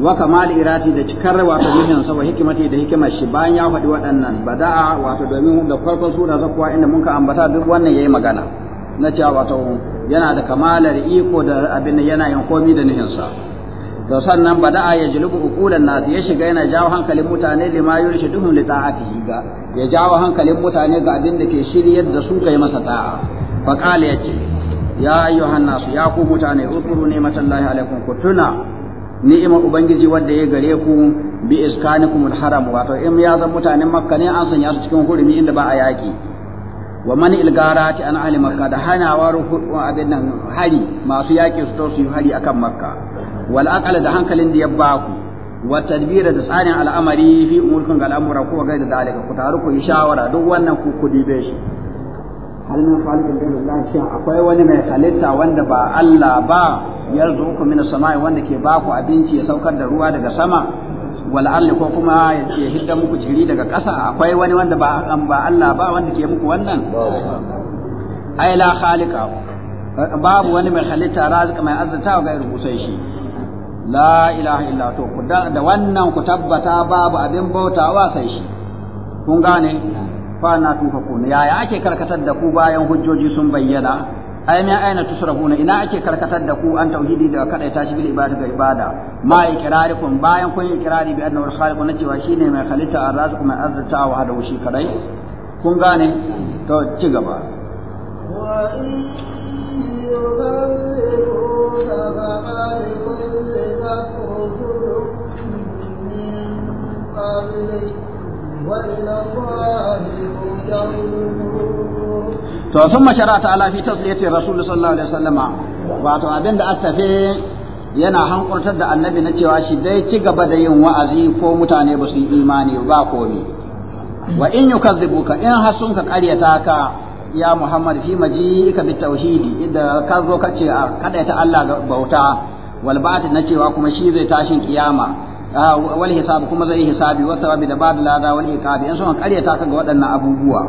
wa kamal irati da cikar wato nuhin sa wa hikimati da hikimar shi bayan ya faɗi waɗannan bada'a wato domin da farkon sura zakwa inda mun ka ambata duk wannan yayi magana na cewa wato yana da kamalar iko da abin yana yin komi da nuhin sa to sannan bada'a ya julubu uqulan nas ya shiga yana jawo hankalin mutane lima yurshiduhum li ta'atihi ga ya jawo hankalin mutane ga abin da ke shiryar da su kai masa ta'a ya ce. ya ayyuhan nasu ya ku mutane uzkuru ni'matallahi alaikum ku tuna ni'imar ubangiji wanda ya gare ku bi iskanikumul haram wato in ya zan mutanen makka ne an sanya su cikin hurumi inda ba a yaki wa man ce ana ahli makka da hanawar abin nan hari masu yaki su to su yi hari akan makka wal aqal da hankalin da ya ba ku wa tadbira da tsarin al'amari fi umurkum ga al'amura ko ga da dalika ku taru ku yi shawara duk wannan ku kudi dibe shi halin min khaliqin ghayra Allah shin akwai wani mai halitta wanda ba Allah ba yarzuku min samai wanda ke ba ku abinci ya saukar da ruwa daga sama wal alli ko kuma ya hidda muku jiri daga ƙasa akwai wani wanda ba ba Allah ba wanda ke muku wannan ai la khaliqa babu wani mai halitta razik mai azzata ga irin busai shi la ilaha illa to da wannan ku tabbata babu abin bautawa sai shi kun gane fa na ne? yaya ake karkatar da ku bayan hujjoji sun bayyana ai min aina tusrafuna ina ake karkatar da ku an tauhidi da kada ta shi bil ibada ga ibada ma kun bayan kun iqrari bi annahu al-khaliq na cewa shine mai halitta arzakum mai arzata wa hada shi kadai kun gane to ci gaba Thank you. to sun mashara ta alafi tasliyatin rasulullah sallallahu alaihi wasallama wato abin da aka tafi yana hankurtar da annabi na cewa shi dai ci gaba da yin wa'azi ko mutane ba su yi imani ba komi wa in yukazzibuka in har sun ka karyata ka ya muhammad fi ka bi tauhidi idan ka zo ka ce a kadaita Allah ga bauta wal ba'd na cewa kuma shi zai tashin kiyama Ah, wal hisab kuma zai hisabi wa sawabi da ba'd da wal iqabi in sun karyata ka ga waɗannan abubuwa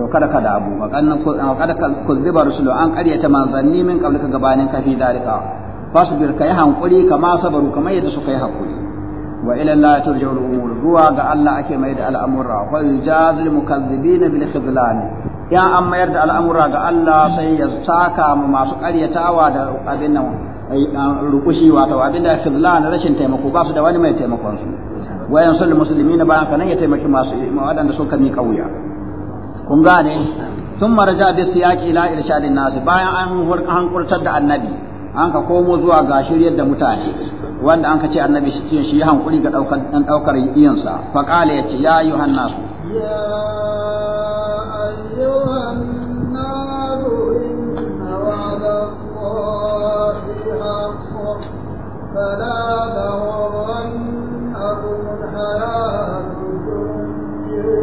to kada ka da abu kada ka kuzziba rusulu an karyata manzanni min ka gabanin ka fi dalika fasbir kai hankuri kama sabaru kamar yadda suka yi hakuri wa ila Allah turja'ul umur zuwa ga Allah ake mai da al'amura wa yujazil mukazzibina bil khizlan ya an mayar da al'amura ga Allah sai ya saka mu masu karyatawa da abin nan rukushi wato abinda na rashin taimako ba su da wani mai taimakon su wayan sul muslimina ba haka nan ya taimaki masu waɗanda suka mi wuya. kun gane sun maraja bi yaƙi ila irshadin nasu bayan an hankurtar da annabi an ka komo zuwa ga shiryar da mutane wanda an ka ce annabi shi shi hankuri ga dan iyansa faƙale ya yace ya yuhannasu hannasu. فلا تغرنكم الحياة الدنيا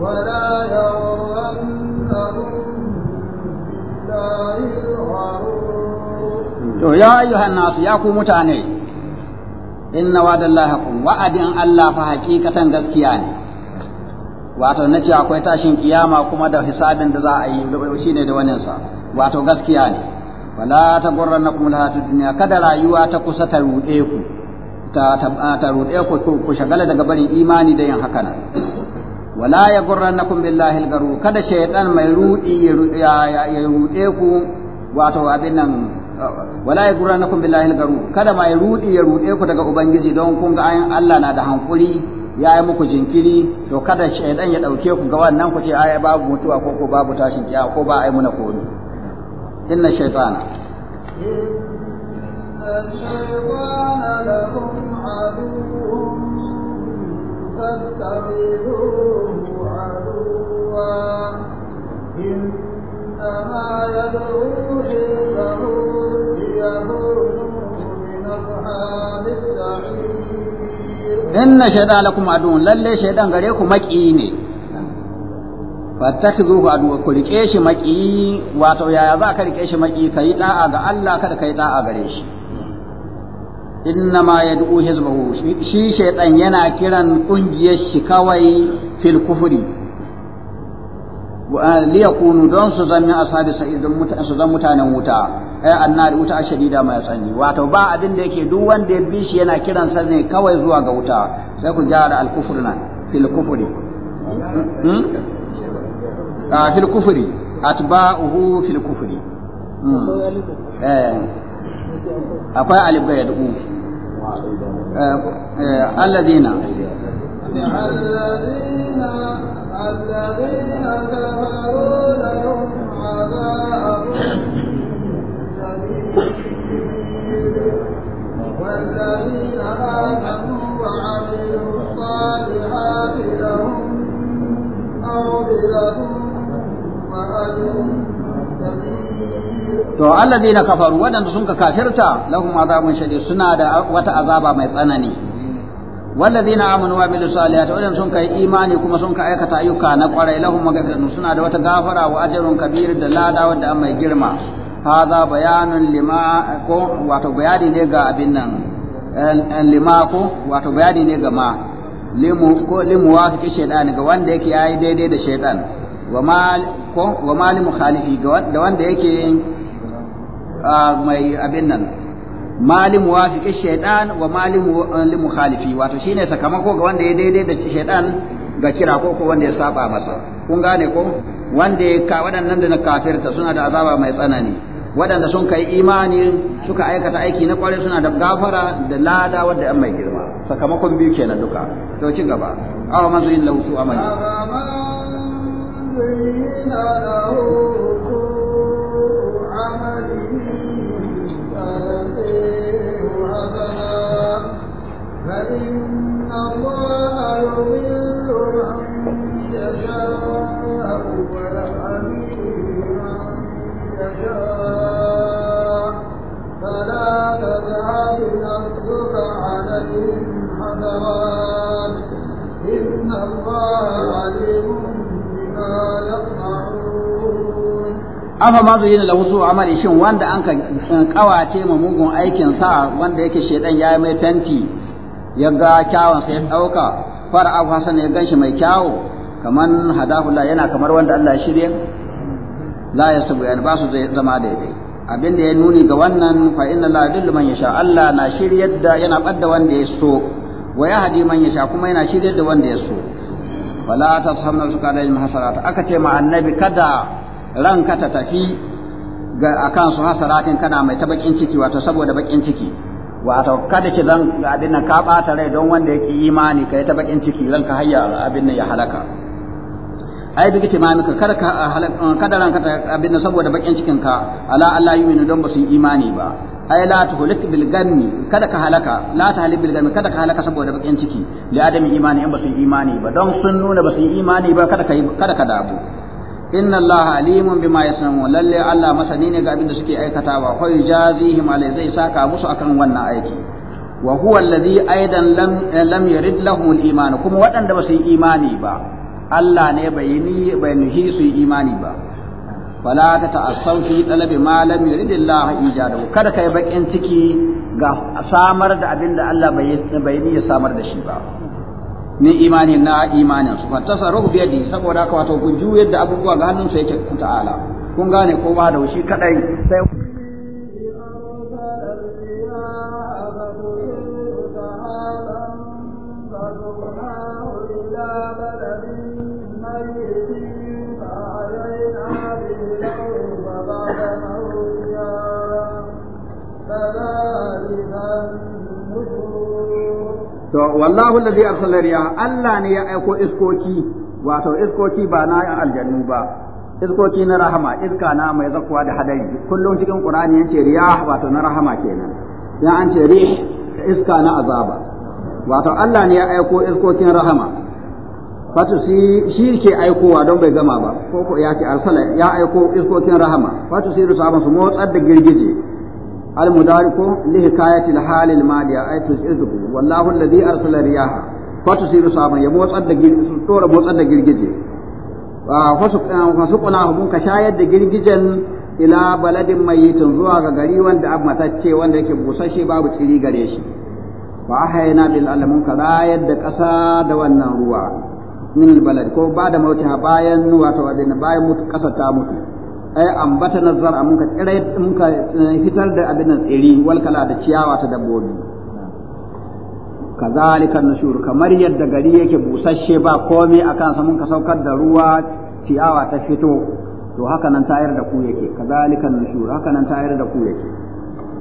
ولا يغرنكم بالله الغرور يا أيها wa'adin Allah fa hakikatan gaskiya ne wato na ce akwai tashin kiyama kuma da hisabin da za a yi ne da waninsa, wato gaskiya ne Wala ta gurran na kuma lahatu duniya kada rayuwa ta kusa ta ruɗe ku ta ruɗe ku ku shagala daga barin imani da yin haka nan wala ya gurran na kuma billahi garu kada shaitan mai ruɗi ya ruɗe ku wato abin nan wala ya gurran na kuma billahi garu kada mai ruɗi ya ruɗe ku daga ubangiji don kun ga ayin Allah na da hankuri ya yi muku jinkiri to kada shaitan ya ɗauke ku ga wannan ku ce ai babu mutuwa ko ko babu tashin kiya ko ba ai muna komi inna shaytana إنما يدعو حزبه ليكون من أصحاب السعير إن شيطان لكم عدو للي شيطان غريكم مكي ne fattakhidhuhu aduwa ku rike shi maki wato yaya za ka rike shi maki kai da'a ga Allah kada kai da'a gare shi innama ma yad'u hizbahu shi shaytan yana kiran kungiyar shi kawai fil kufri wa liyakunu don su zama min ashabi don su zan mutanen wuta ai annar wuta shadida mai tsani wato ba abin da yake duk wanda ya bi shi yana kiran sa ne kawai zuwa ga wuta sai ku jara al kufr nan fil kufri hmm? fil kufri atba'uhu fil kufri akwai alif ga yadu alladina alladina alladina kafaru lahum والذين آمنوا وعملوا الصالحات لهم مغفرة to alladheena kafaru wadanda sun ka kafirta lahum azabun shadid suna da wata azaba mai tsanani walladheena amanu wa amilus salihati wadanda sun kai imani kuma sun ka aikata ayyuka na kwarai lahum magfiratun suna da wata gafara wa ajrun kabir da lada wanda an girma hadha bayanun lima ko wato bayani ne ga abin nan eh, lima ko wato bayani ne ga ma limu ko limu wa fi shaytan ga wanda yake yayi daidai da shaytan wa mali mukhalifi da wanda yake mai abin nan mali muwafiqi shaidan wa mali mukhalifi wato shine sakamako ga wanda ya daidai da shaidan ga kira ko ko wanda ya saba masa kun gane ko wanda ya ka waɗannan da na kafirta suna da azaba mai tsanani waɗanda sun kai imani suka aikata aiki na kwarai suna da gafara da lada wadda an mai girma sakamakon biyu kenan duka to ci gaba awa manzo yin lausu amali زين له عمله فيأتيه هدنا فإن الله يضل من يشاء ويهدي من يشاء فلا تذهب نفسك عليهم حسرات إن الله عليم afa ma yana da wasu amali shin wanda an kawace ma mugun aikin sa wanda yake shedan yayi mai fenti ya ga kyawun sai ya dauka fara abu hasan ya ganshi mai kyawu kaman hadahullah yana kamar wanda Allah ya shirye la yasabu yana ba su zama daidai Abin da ya nuni ga wannan fa inna la yadullu man yasha Allah na shiryar da yana badda wanda ya so wa yahdi man yasha kuma yana shiryar da wanda ya so wala ta sanar su kada yin hasarata aka ce ma annabi kada ranka ta tafi ga akan su hasaratin kana mai ta bakin ciki wato saboda bakin ciki wato kada ce zan abin nan ka bata rai don wanda yake imani kai ta bakin ciki ranka hayya abin ya halaka ai bi kitima maka kada ka kada ranka ta abin saboda bakin cikin ka ala Allah yuminu don ba su imani ba Ai la tuhlik bil gammi kada ka halaka la tahlik bil gammi kada ka halaka saboda bakin ciki li adami imani in basu imani ba don sun nuna basu imani ba kada ka kada ka dabu inna allaha alimun bima yasnamu lalle allah masani ne ga abin da suke aikatawa fa jazihim alai zai saka musu akan wannan aiki wa huwa alladhi aidan lam eh, lam yurid lahum al iman kuma waɗanda basu imani ba Allah ne bai ni bai nuhi su imani ba fala ta ta'assaw malami talabi ma lam yuridillahu ijadahu kada kai bakin ciki ga samar da abin da Allah bai bai samar da shi ba ni imanin na imanin su fatasarrufu bi yadi saboda haka wato ku juyar da abubuwa ga hannun sa yake ta'ala kun gane kowa da shi kadai sai to wallahu alladhi arsala riya Allah ne ya aiko iskoki wato iskoki ba na aljannu ba iskoki na rahama iska na mai zakuwa da hadari kullum cikin qur'ani yace riya wato na rahama kenan ya an ce rih iska na azaba wato Allah ne ya aiko iskokin rahama wato shi shi ke aikowa don bai gama ba ko ko ya ce arsala ya aiko iskokin rahama wato sai su su motsar da girgije المدارك لحكاية الحال المالية أي تسعده والله الذي أرسل الرياح فتصيب صابا يموت أدى تورا موت أدى جرجزي فسقناه منك شايد جرجزا إلى بلد ميت زوا غري وند أب متاتشي وند يكي بوساشي باب تسيري غريشي فأحينا بالألمون كلا يد كسا دوانا روا من البلد كو بعد موتها باين واتوا باين موت كسا تاموتي ai ambata nazar mun ka tsire mun ka eh, fitar da abin nan tsiri wal kala da ciyawa ta dabbobi kazalika nushur kamar yadda gari yake busasshe ba komai akan sa mun ka saukar da ruwa ciyawa ta fito to haka nan tayar da ku yake kazalika nushur haka nan tayar da ku yake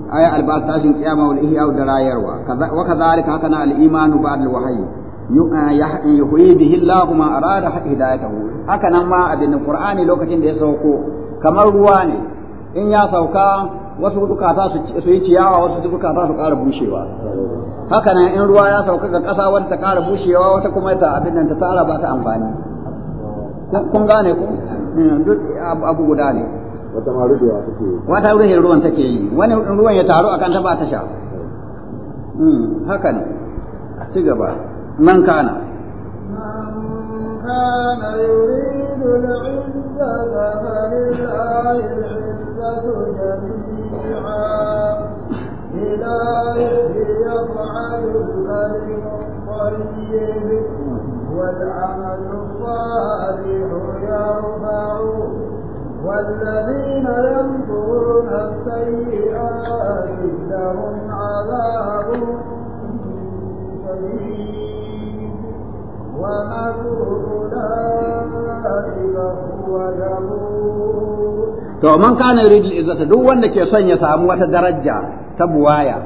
ay albas tashin kiyama wal ihya da rayarwa wa kazalika haka nan al imanu ba'd al wahyi eh, yuhyi bihi allahu ma arada hidayatahu haka nan ma abin Qur'ani lokacin da ya sauko kamar ruwa ne in ya sauka wasu dukata su yi ciyawa wasu dukata su ƙara bushewa haka nan in ruwa ya sauka ga ƙasa wata ta ƙara bushewa wata kuma ta abin nan ta tara ba ta amfani kun gane ku hmm, duk abu guda ne wata maruduwa rubewa take yi wata ruhin ruwan take yi wani ruwan ya taru akan ta ba ta sha hmm, haka ne ci gaba man kana كان يريد العزة فلله العزة جميعا إلهي يفعل الكلم الطيب والعمل الصالح يرفع والذين يمكرون السيئات لهم عذاب شديد To man kana yuridu izzata duk wanda ke son ya samu wata daraja ta buwaya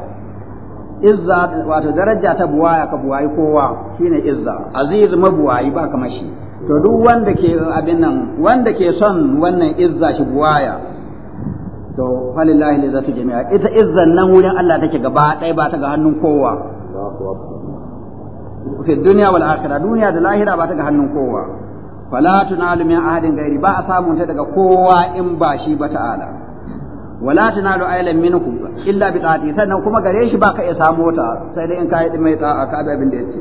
izza wato daraja ta buwaya ka buwayi kowa shine izza aziz mabuwayi ba kamar shi to duk wanda ke abin nan wanda ke son wannan izza shi buwaya to falillahi lizatu jami'a ita izzan nan wurin Allah take gaba ɗaya ba ta ga hannun kowa fi duniya wal akhirah duniya da lahira ba ta ga hannun kowa fala tunalu min ahadin gairi ba a samu ta daga kowa in ba shi ba ta'ala wala tunalu aylan minkum illa bi ta'ati sannan kuma gare shi ba ka iya samu ta sai dai in ka yi mai ta'a ka da abin da yace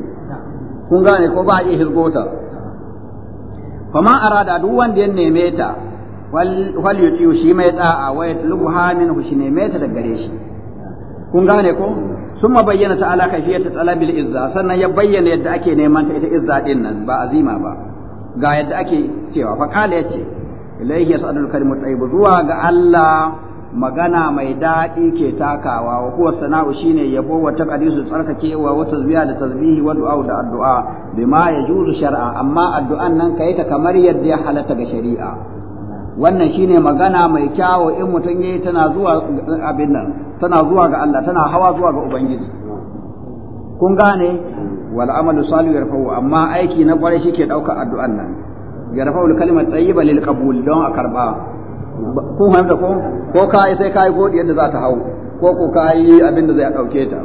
kun gane ko ba a iya hirgota fama arada duk wanda ya neme ta wal yutiyu shi mai ta'a wa yatlubuha minhu shi neme ta daga gare shi kun gane ko summa bayyana ta ala kafiyat ta ala bil izza sannan ya bayyana yadda ake neman ta ita izza din nan ba azima ba ga yadda ake cewa fa qala ya ce ilayhi yasadul karimu tayyib zuwa ga Allah magana mai daɗi ke takawa wa ko sana'u shine yabo wata hadisu tsarkake wa wata zuwa da tasbihu wa da addu'a bima yajuru shari'a, amma addu'an nan kai ta kamar yadda ya halata ga shari'a wannan shine magana mai kyawo in mutum yayi tana zuwa abin nan tana zuwa ga Allah tana hawa zuwa ga ubangiji kun gane wal amalu salihu yarfa'u amma aiki na kwarai shi ke ɗaukar addu'an nan yarfa'u kalimat tayyiba lil qabul don a karba kun fahimta ko ko ka sai kai godi yadda za ta hau ko ko yi abin da zai ɗauke ta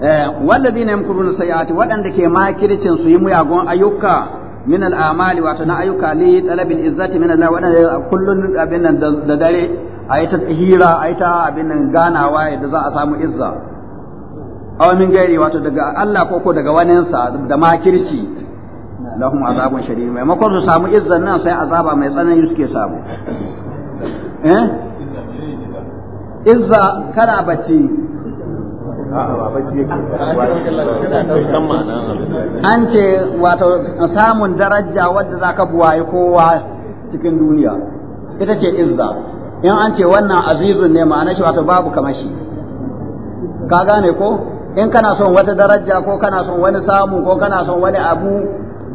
eh walladina yamkuruna sayyiati waɗanda ke makircin su yi muyagun ayyuka min al'amali wato na ayyuka li talabil izzati min Allah wadanda kullun abin nan da dare ayi ta hira ayi ta abin nan ganawa yadda za a samu izza aw min gairi wato daga Allah ko ko daga wani waninsa da makirci lahum azabun shadid maimakon su samu izzan nan sai azaba mai tsanani suke samu eh izza kana bacci an ce wato samun daraja wadda za ka buwaye kowa cikin duniya ita ce izza in an ce wannan azizun ne ma'ana shi wato babu kamashi ka gane ko in kana son wata daraja ko kana son wani samu ko kana son wani abu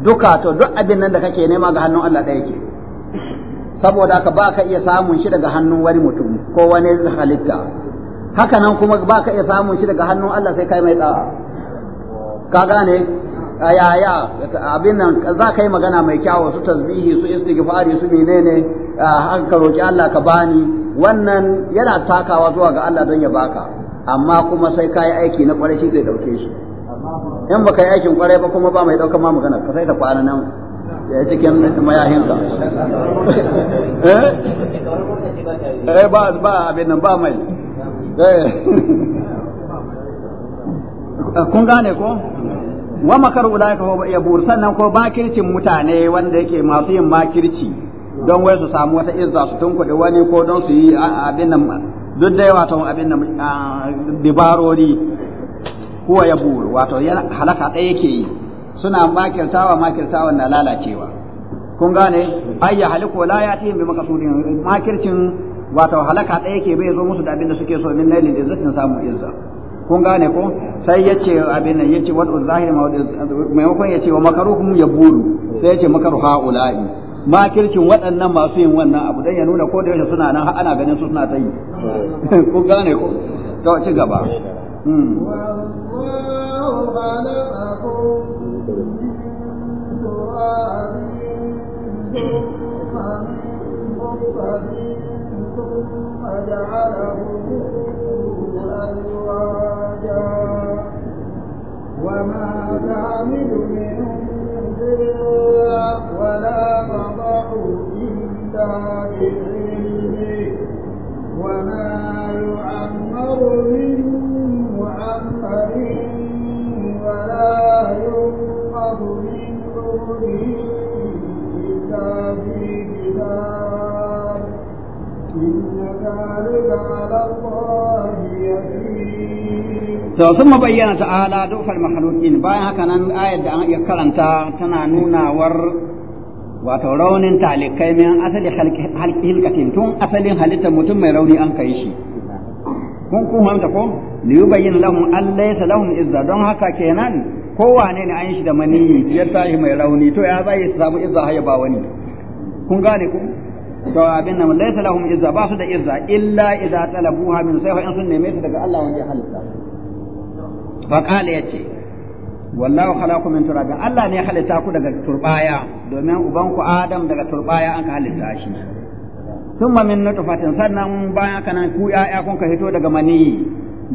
duka to duk abin nan da kake nema ga hannun Allah ɗaya yake saboda ka ba ka iya samun shi daga hannun wani mutum ko wani halitta haka nan kuma ba ka iya samun shi daga hannun Allah sai kai mai da'a ka gane ya ya abin nan za ka yi magana mai kyawu su tasbihi su istighfari su menene har ka roki Allah ka bani wannan yana takawa zuwa ga Allah don ya baka amma kuma sai ka yi aiki na kwarai shi zai dauke shi in baka yi aikin kwarai ba kuma ba mai daukar ma magana ka sai ta kwana nan ya cikin ka. Eh? eh ba ba abin nan ba mai Eh. kun gane ko wa makar ulaika fa bur sannan ko bakircin mutane wanda yake masu yin makirci don wai su samu wata izza su tunkuɗe wani ko don su yi abin nan duk da wato abin nan dibarori ya bur wato halaka ɗaya yake yi suna makirtawa makirtawa na lalacewa kun gane ayya haliku la yatihim bi makasudin makircin wato halaka ɗaya ke bai zo musu da abin da suke so min nailin izzatin samu izza kun gane ko sai ya ce abin nan yace wad'u zahiri ma maimakon ya ce wa makaruhum yaburu sai ya ce makaru haula'i makircin waɗannan masu yin wannan abu dan ya nuna ko da yaushe suna nan ana ganin su suna ta yi kun gane ko to ci gaba hmm. Thank you. فجعلهم أزواجا وما تعمل منهم ذريع ولا تضع إلا بعلمه وما يعمر من معمر ولا ينقض من عمره إلا في to sun bayyana ta'ala dukkan mahalukin bayan haka nan ayar da an iya karanta tana nunawar wato raunin talikai mai asali halkatin tun asalin halittar mutum mai rauni an kai shi kun kuma ta ko li bayyana lahum allai laysa izza don haka kenan kowane ne an shi da maniyi ya tashi mai rauni to ya zai samu izza haya ba wani kun gane ku to abin nan laysa lahum izza ba su da izza illa idza talabuha min sai in sun neme ta daga Allah wanda ya halitta fa qala yace wallahu khalaqakum min turab Allah ne ya halitta ku daga turbaya domin uban ku Adam daga turbaya an ka halitta shi thumma min nutfatin sannan bayan kana ku ya'ya kun ka hito daga mani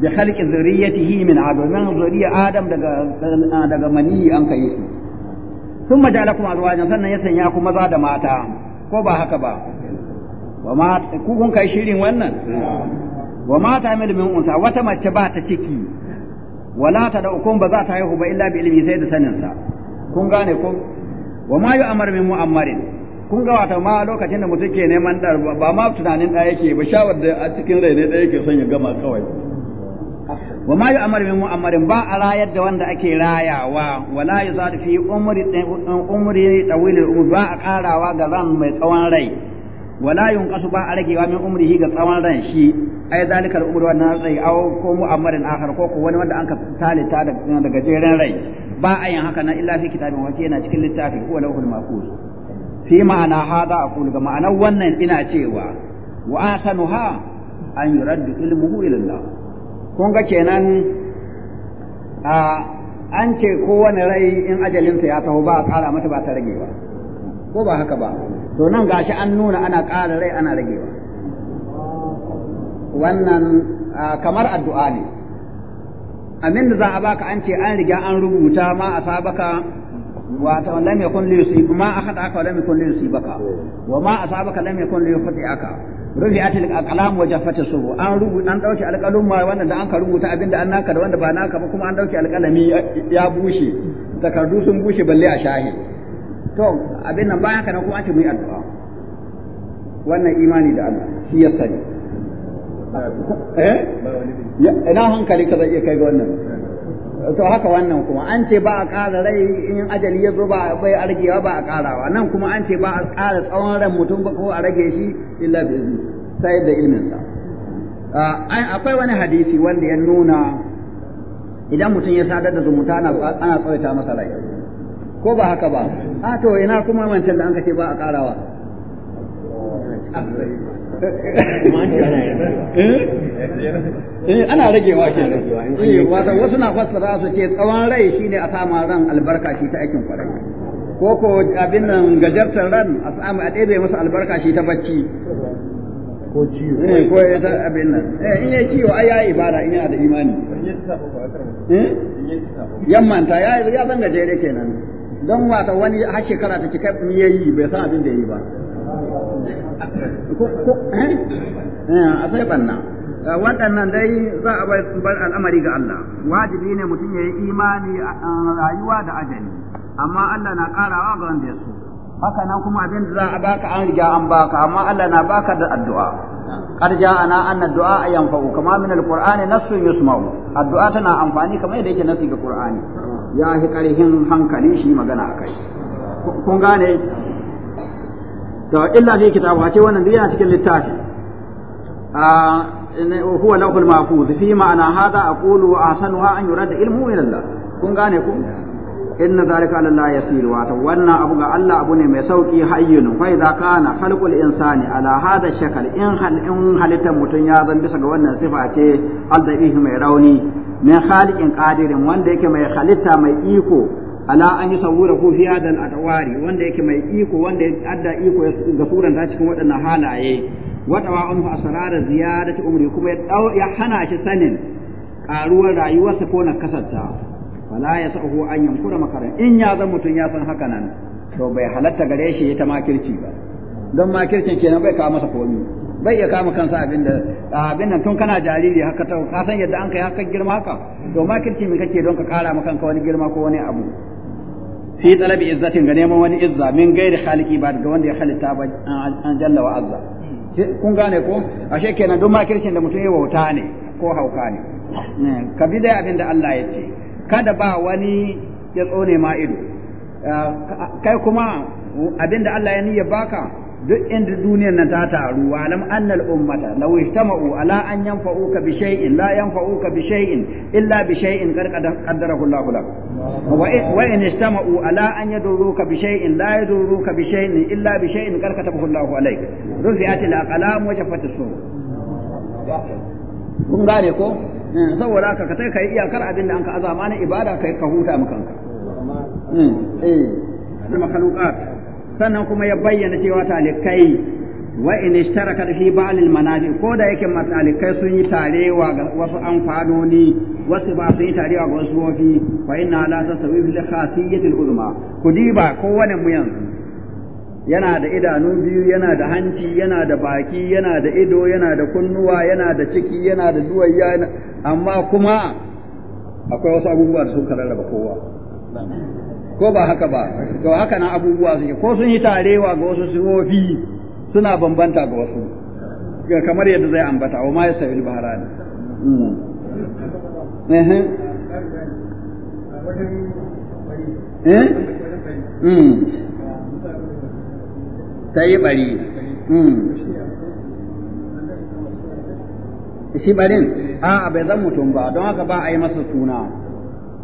bi khalqi zurriyatihi min Adam domin zuriya Adam daga daga mani an ka yi su thumma ja'alakum azwajan sannan ya sanya ku maza da mata ko ba haka ba wa ma kai shirin wannan wa ma ta mil min unsa wata mace ba ta ciki wala ta da ukun ba za ta haihu ba illa bi ilmi sai da sanin sa kun gane ko wa ma yu'amaru min mu'ammarin kun ga wata ma lokacin da mutum ke neman dar ba ma tunanin da yake ba shawar da a cikin rai ne da yake son ya gama kawai wa ma yu'amaru min mu'ammarin ba a rayar da wanda ake rayawa wala yuzadu fi umri umri umri ba a karawa ga ran mai tsawon rai wala yunqasu ba a ragewa min umrihi ga tsawon ran shi ai zalikal umru wannan tsayi aw ko mu'ammarin akhar ko ko wani wanda anka talita daga jeren rai ba a yin haka na illa fi kitabin wace yana cikin littafi ko lawhul maqul fi ma'ana hada aqulu ga ma'anar wannan ina cewa wa asanuha an yuraddu ilmuhu ila Allah kun ga kenan a an ce kowane rai in ajalinsa ya taho ba a kara mata ba ta rage ba ko ba haka ba to nan gashi an nuna ana ƙara rai ana ragewa wannan kamar addu'a ne amin da za a baka an ce an riga an rubuta ma a sabaka wato lam yakun li yusib ma akhata aka lam yakun li yusibaka wa ma asabaka lam yakun li yufati'aka rufi'at al-aqlam wa jaffat as-subu an rubuta an dauke alƙalum ma wanda da an ka rubuta abinda an naka da wanda ba naka ba kuma an dauke alƙalami ya bushe takardu sun bushe balle a shahi to abin nan bayan kana kuma ake mai addu'a wannan imani da Allah shi ya sani eh ina hankali ka zai iya kai ga wannan to haka wannan kuma an ce ba a ƙara rai in ajali ya zo ba bai argewa ba a ƙarawa nan kuma an ce ba a ƙara tsawon ran mutum ba ko a rage shi illa bi izni sai da ilmin sa akwai wani hadisi wanda ya nuna idan mutum ya sadar da zumunta ana tsawaita masa rai ko ba haka ba a to ina kuma mancan da an kace ba a karawa eh, ana ragewa ke eh, wasu na fassara su ce tsawon rai shine a sama ran albarka shi ta aikin kwarai ko ko abin nan gajartar ran a samu a ɗebe masa albarka shi ta bacci ko ciwo eh ko ya ta abin nan eh in ya ciwo ai ya ibada in yana da imani yamman ta eh? ya ya zanga jere kenan don wata wani har shekara ta cika in yayi bai san abin da yayi ba ko eh, eh a sai banna eh, waɗannan dai za a bar al'amari ga Allah wajibi ne mutum ya yi imani rayuwa da ajali amma Allah na ƙarawa ga wanda ya so haka nan kuma abin da za a baka an riga an baka amma Allah na baka da addu'a ana an addu'a du'a yanfa'u kama min al-qur'ani nassun yusma'u addu'a tana amfani kamar yadda yake nassi ga qur'ani ya fi ƙarfin hankali shi magana a kai kun gane to illa fi kitabu a ce wannan duk yana cikin littafi huwa lawhul mahfuz fi ma'ana hadha aqulu ahsanuha an yurada ilmu ila Allah kun gane ku inna zalika ala Allah yasir wa wannan abu ga Allah abu ne mai sauki hayyun fa idza kana khalqul insani ala hadha shakal in hal in halitan mutun ya zan bisa ga wannan sifa ce aldabihi mai rauni min khaliqin qadirin wanda yake mai halitta mai iko ala an yi sawura ko fi hadal adwari wanda yake mai iko wanda adda iko ga suran ta cikin waɗannan halaye wadawa an fa asrara ziyadati umri kuma ya ya hana shi sanin karuwar rayuwarsa ko na kasarta wala ya sa'uhu an yankura makaran in ya zan mutun ya san haka nan to bai halarta gare shi ya ta makirci ba don makircin kenan bai kawo masa komi bai ya kama kansa abin da abin nan tun kana jariri haka ta ka san yadda an kai haka girma haka to ma kirki me kake don ka kara maka kanka wani girma ko wani abu fi talabi izzatin ga neman wani izza min gairi khaliqi ba daga wanda ya halitta ba an jalla wa azza kun gane ko ashe kenan duk makircin da mutum ya wauta ne ko hauka ne hmm, ka bi dai abin da Allah ya ce kada ba wani ya tsone ma ido ah, kai kuma abin da Allah ya niyya baka duk inda duniyar nan ta taru wa lam annal ummata law ijtama'u ala an yanfa'uka bi shay'in la yanfa'uka bi shay'in illa bi shay'in qad qaddarahu Allah lak wa in ijtama'u ala an yaduruka bi shay'in la yaduruka bi shay'in illa bi shay'in qad katabahu Allah alayk rufi'atil aqlam wa jaffatis sur kun gane ko eh, saboda haka ka kai kai iyakar abin da an ka azama na ibada kai ka huta mu kanka hmm, eh al makhluqat sannan kuma ya bayyana cewa talikai wa in ishtaraka fi ba'lil manafi ko da yake matalikai sun yi tarewa ga wasu amfanoni wasu ba sun yi tarewa ga wasu wofi fa inna la tasawi bil khasiyati al-uzma ku kowane mu yanzu yana da idanu biyu yana da hanci yana da baki yana da ido yana da kunnuwa yana da ciki yana da duwayya amma kuma akwai wasu abubuwa da sun kararraba kowa ko ba haka ba to haka nan abubuwa su ko sun yi tarewa ga wasu sifofi suna bambanta ga wasu kamar yadda zai ambata wa ma ya sayi bahara ne hmm. eh eh mm sai bari mm shi barin a bai zan mutum ba don haka ba a yi masa suna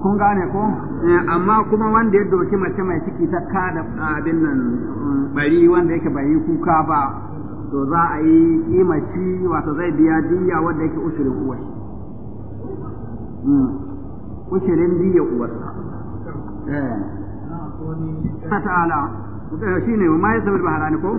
kun gane ko eh, amma kuma wanda ya doki mace mai ciki ta da ah, abin nan mm, bari wanda yake bai kuka ba to za a yi kima wato zai biya diya wanda yake ushirin uwar mm. ushirin diya uwar eh ta'ala eh, ne ma ya sabar baharani ko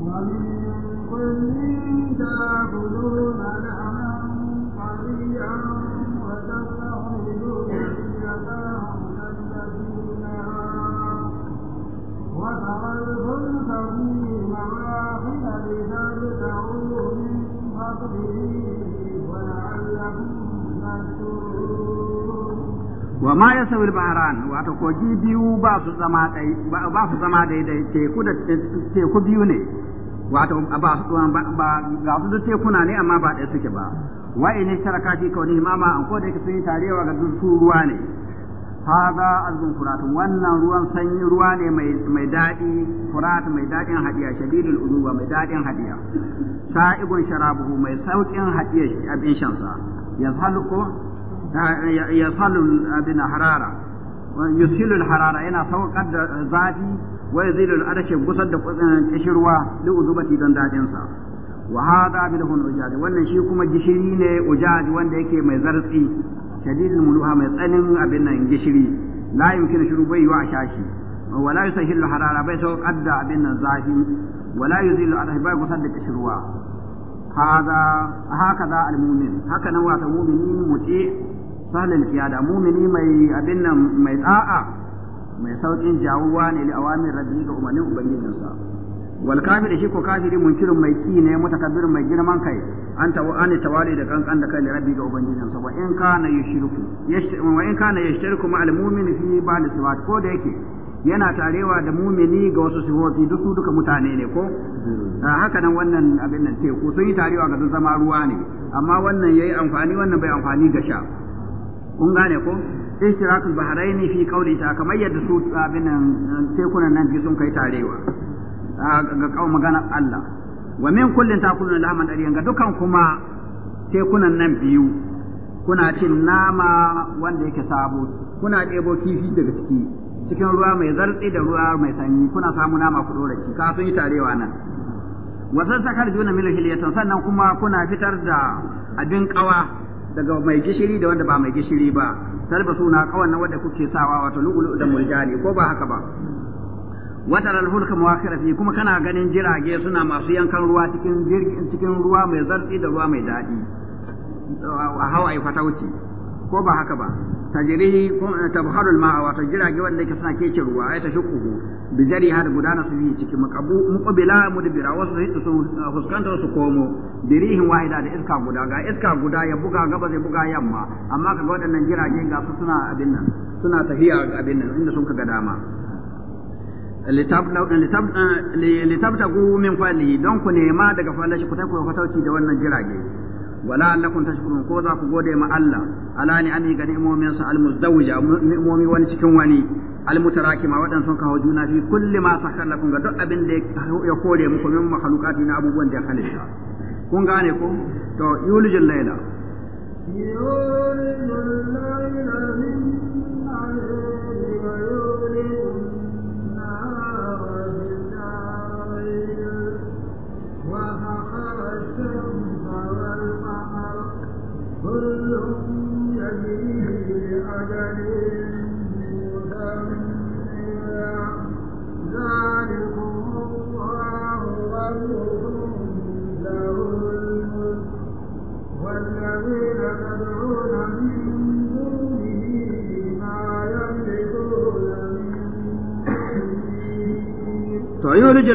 ومن كل تأكلون لحما طريا وقد كنت في مراحل لتبتغوا من فضله ولعلكم wa ma ya saurin baharan wato kogi biyu ba su zama daidai teku da biyu ne wato ba su ba ga su tekuna ne amma ba dai suke ba wa in sharaka fi kauni mama an ko yake sun yi tarewa ga ruwa ne haza azbun furatun wannan ruwan sanyi ruwa ne mai daɗi mai daɗin hadiya shadidul uzuwa mai daɗin hadiya sa'ibun sharabuhu mai saukin abin shansa yazhalu ko yazhalu abin harara yusilu harara yana saukar da zafi wa yazilu adashi gusar da kishirwa li uzubati don daɗin sa wa hada ujaji wannan shi kuma gishiri ne ujaji wanda yake mai zartsi shadidul muluha mai tsanin abin nan gishiri la yumkinu shuru bai wa shashi wala yusahillu harara bai sau kadda abin zafi wala yuzilu adha bai gusar da kishirwa hada hakaza almu'min haka nan wata mu'mini muti sahlal qiyada mu'mini mai abin nan mai da'a mai ne li awamir rabbi ga umarnin ubangijinsa wal kafir shi ko kafiri munkirin mai ki ne mutakabbirin mai girman kai an ta an tawali da kankan da kai rabbi ga ubangijin sa wa in kana yushriku wa in kana yushriku ma al mu'mini fi ba'd sifat ko da yake yana tarewa da mumini ga wasu sifofi duk su duka mutane ne ko mm. ah, haka nan wannan abin nan teku sun yi tarewa ga zama ruwa ne amma wannan yayi amfani wannan bai amfani ga sha kun gane ko ishtirakul bahrain fi qawli ta kamar yadda su abin nan tekunan nan sun kai tarewa ga kawo maganar Allah wa min kullin takulun lahman dariyan ga dukan kuma tekunan nan biyu kuna cin nama wanda yake sabo kuna ɗebo kifi daga ciki cikin ruwa mai zartsi da ruwa mai sanyi kuna samu nama ku dora ka sun yi tarewa nan wa sassakar juna mil hiliyatan sannan kuma kuna fitar da abin kawa daga mai gishiri da wanda ba mai gishiri ba talba suna kawan nan wanda kuke sawa wato lu'ulu da murjani ko ba haka ba wataral alfulka muwakhira fi kuma kana ganin jirage suna masu yankan ruwa cikin jirgin cikin ruwa mai zartsi da ruwa mai daɗi a hawaye wuce ko ba haka ba tajrihi tabharul ma'a wato jirage wanda yake suna kece ruwa ai tashuquhu bi jariha da gudana su yi cikin makabu muqabila mudbira wasu su fuskanta su komo dirihin wahida da iska guda ga iska guda ya buga gaba zai buga yamma amma kaga waɗannan jirage ga su suna abin nan suna tafiya abin nan inda sun kaga dama litabtagu min fadli don ku nema daga fadlashi ku tafi fatauci da wannan jirage wala allakum tashkurun ko za ku gode ma Allah ala ni an ga ni'momin sa almuzdawija ni'momi wani cikin wani almutarakima wadan sun kawo juna fi kulli ma sakallakum ga duk abin da ya kore muku min makhluqati na abubuwan da ya halitta kun gane ku? to yulijul layla yulijul layla min to yulijin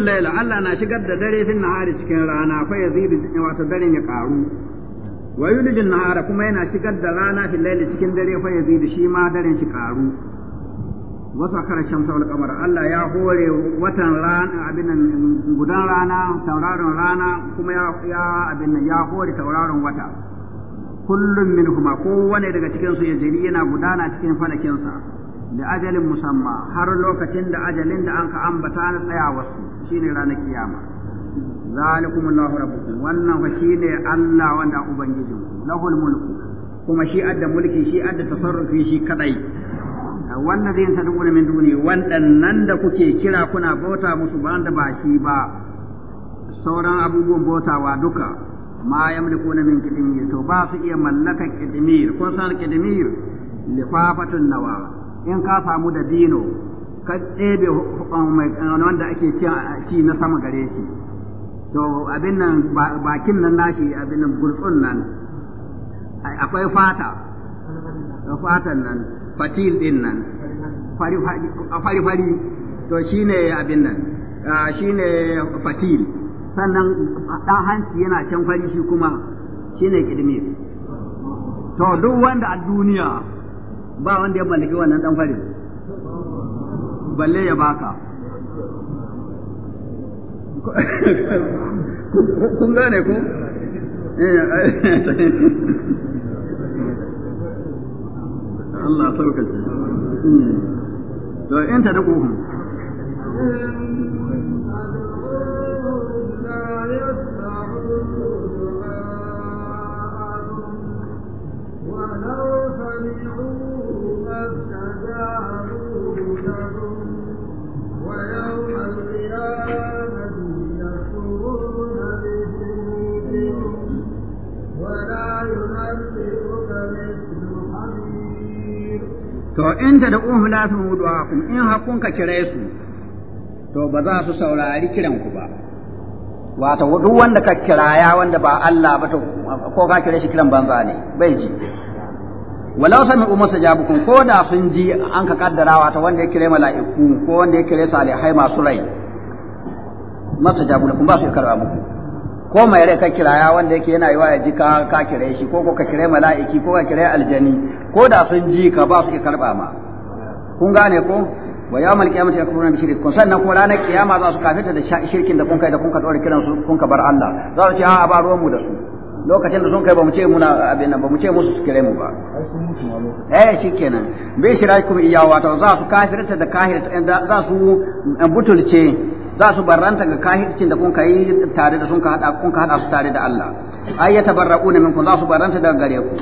laila Allah na shigar da dare fin nahari cikin rana fa yazidu wato daren ya karu wa yulijin nahara kuma yana shigar da rana fi laili cikin dare fa da shi ma daren shi karu wa sakara shamsa wal qamar Allah ya hore watan rana abin nan gudan rana tauraron rana kuma ya ya abin nan ya hore tauraron wata kullum kuma kowane daga cikin su jiri yana gudana cikin falakin sa da ajalin musamma har lokacin da ajalin da anka ambata na wasu shine ranar kiyama zalikum Allahu rabbukum wannan fa shi ne Allah wanda ubangijin lahul mulku kuma shi adda mulki shi adda tasarrufi shi kadai wallazin tad'una min duni wadannan da kuke kira kuna bauta musu ba da ba shi ba sauran abubuwan bautawa duka ma na min kidimir to ba su iya mallakar kidimir ko san kidimir lifafatun nawa in ka samu da dino ka ɗebe wanda ake ci na sama gare shi to abin nan bakin nan nashi abin nan gulfin nan akwai fata fatan nan fatil din nan fari-fari to shine abin nan shine fatil sannan ɗan hanci yana can fari shi kuma shine kidmir to duk wanda a duniya ba wanda ya mallaki wannan ɗan fari? balle ya baka kun gane ku eh, Allah sauƙaƙe hmm. to in ta da kuhun to in da da'uhum la sami'u kun in hakun ka kire su to ba za su saurari kiran ku ba wato duk wanda ka kiraya wanda ba Allah ba to ko ka kire shi kiran banza ne bai ji walau sami'u mustajabukum ko da sun ji an ka kaddara wato wanda ya kire mala'iku ko wanda ya kire salihai masu rai mustajabu kun ba su karba muku ko mai rai ka kiraya wanda yake yana yiwa ya ji ka ka kire shi ko ko ka kire mala'iki ko ka kire aljani ko da sun ji ka ba su ke karba ma kun gane ko wa ya yawmal qiyamati kuma bishiri. Kun sannan kuma ranar kiyama za su kafita da shirkin da kun kai da kun ka dora kiran su kun ka bar Allah za su ce a ba ruwan mu da su lokacin da sun kai ba mu ce muna abin nan ba mu ce musu su kire mu ba eh shikenan bi kuma iyawa ta za su kafirta da kahirta za su eh, butulce za su barranta ga kahircin da kun kai tare da sun ka hada kun ka hada su tare da Allah ay yatabarrauna minkum za su barranta daga gare ku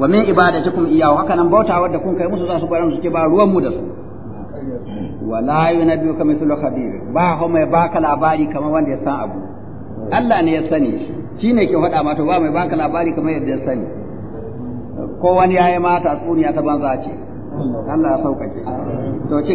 wa min ibadatikum iyahu haka nan bautawar da kun kai musu za su barranta su ke ba ruwan mu da su wala kama mithlu khabir ba ho mai baka labari kamar wanda ya san abu Allah ne ya sani shi ne ke faɗa mata ba mai baka labari kamar yadda ya sani ko wani yayi mata tsuniya ta banza ce Allah ya sauƙaƙe to ce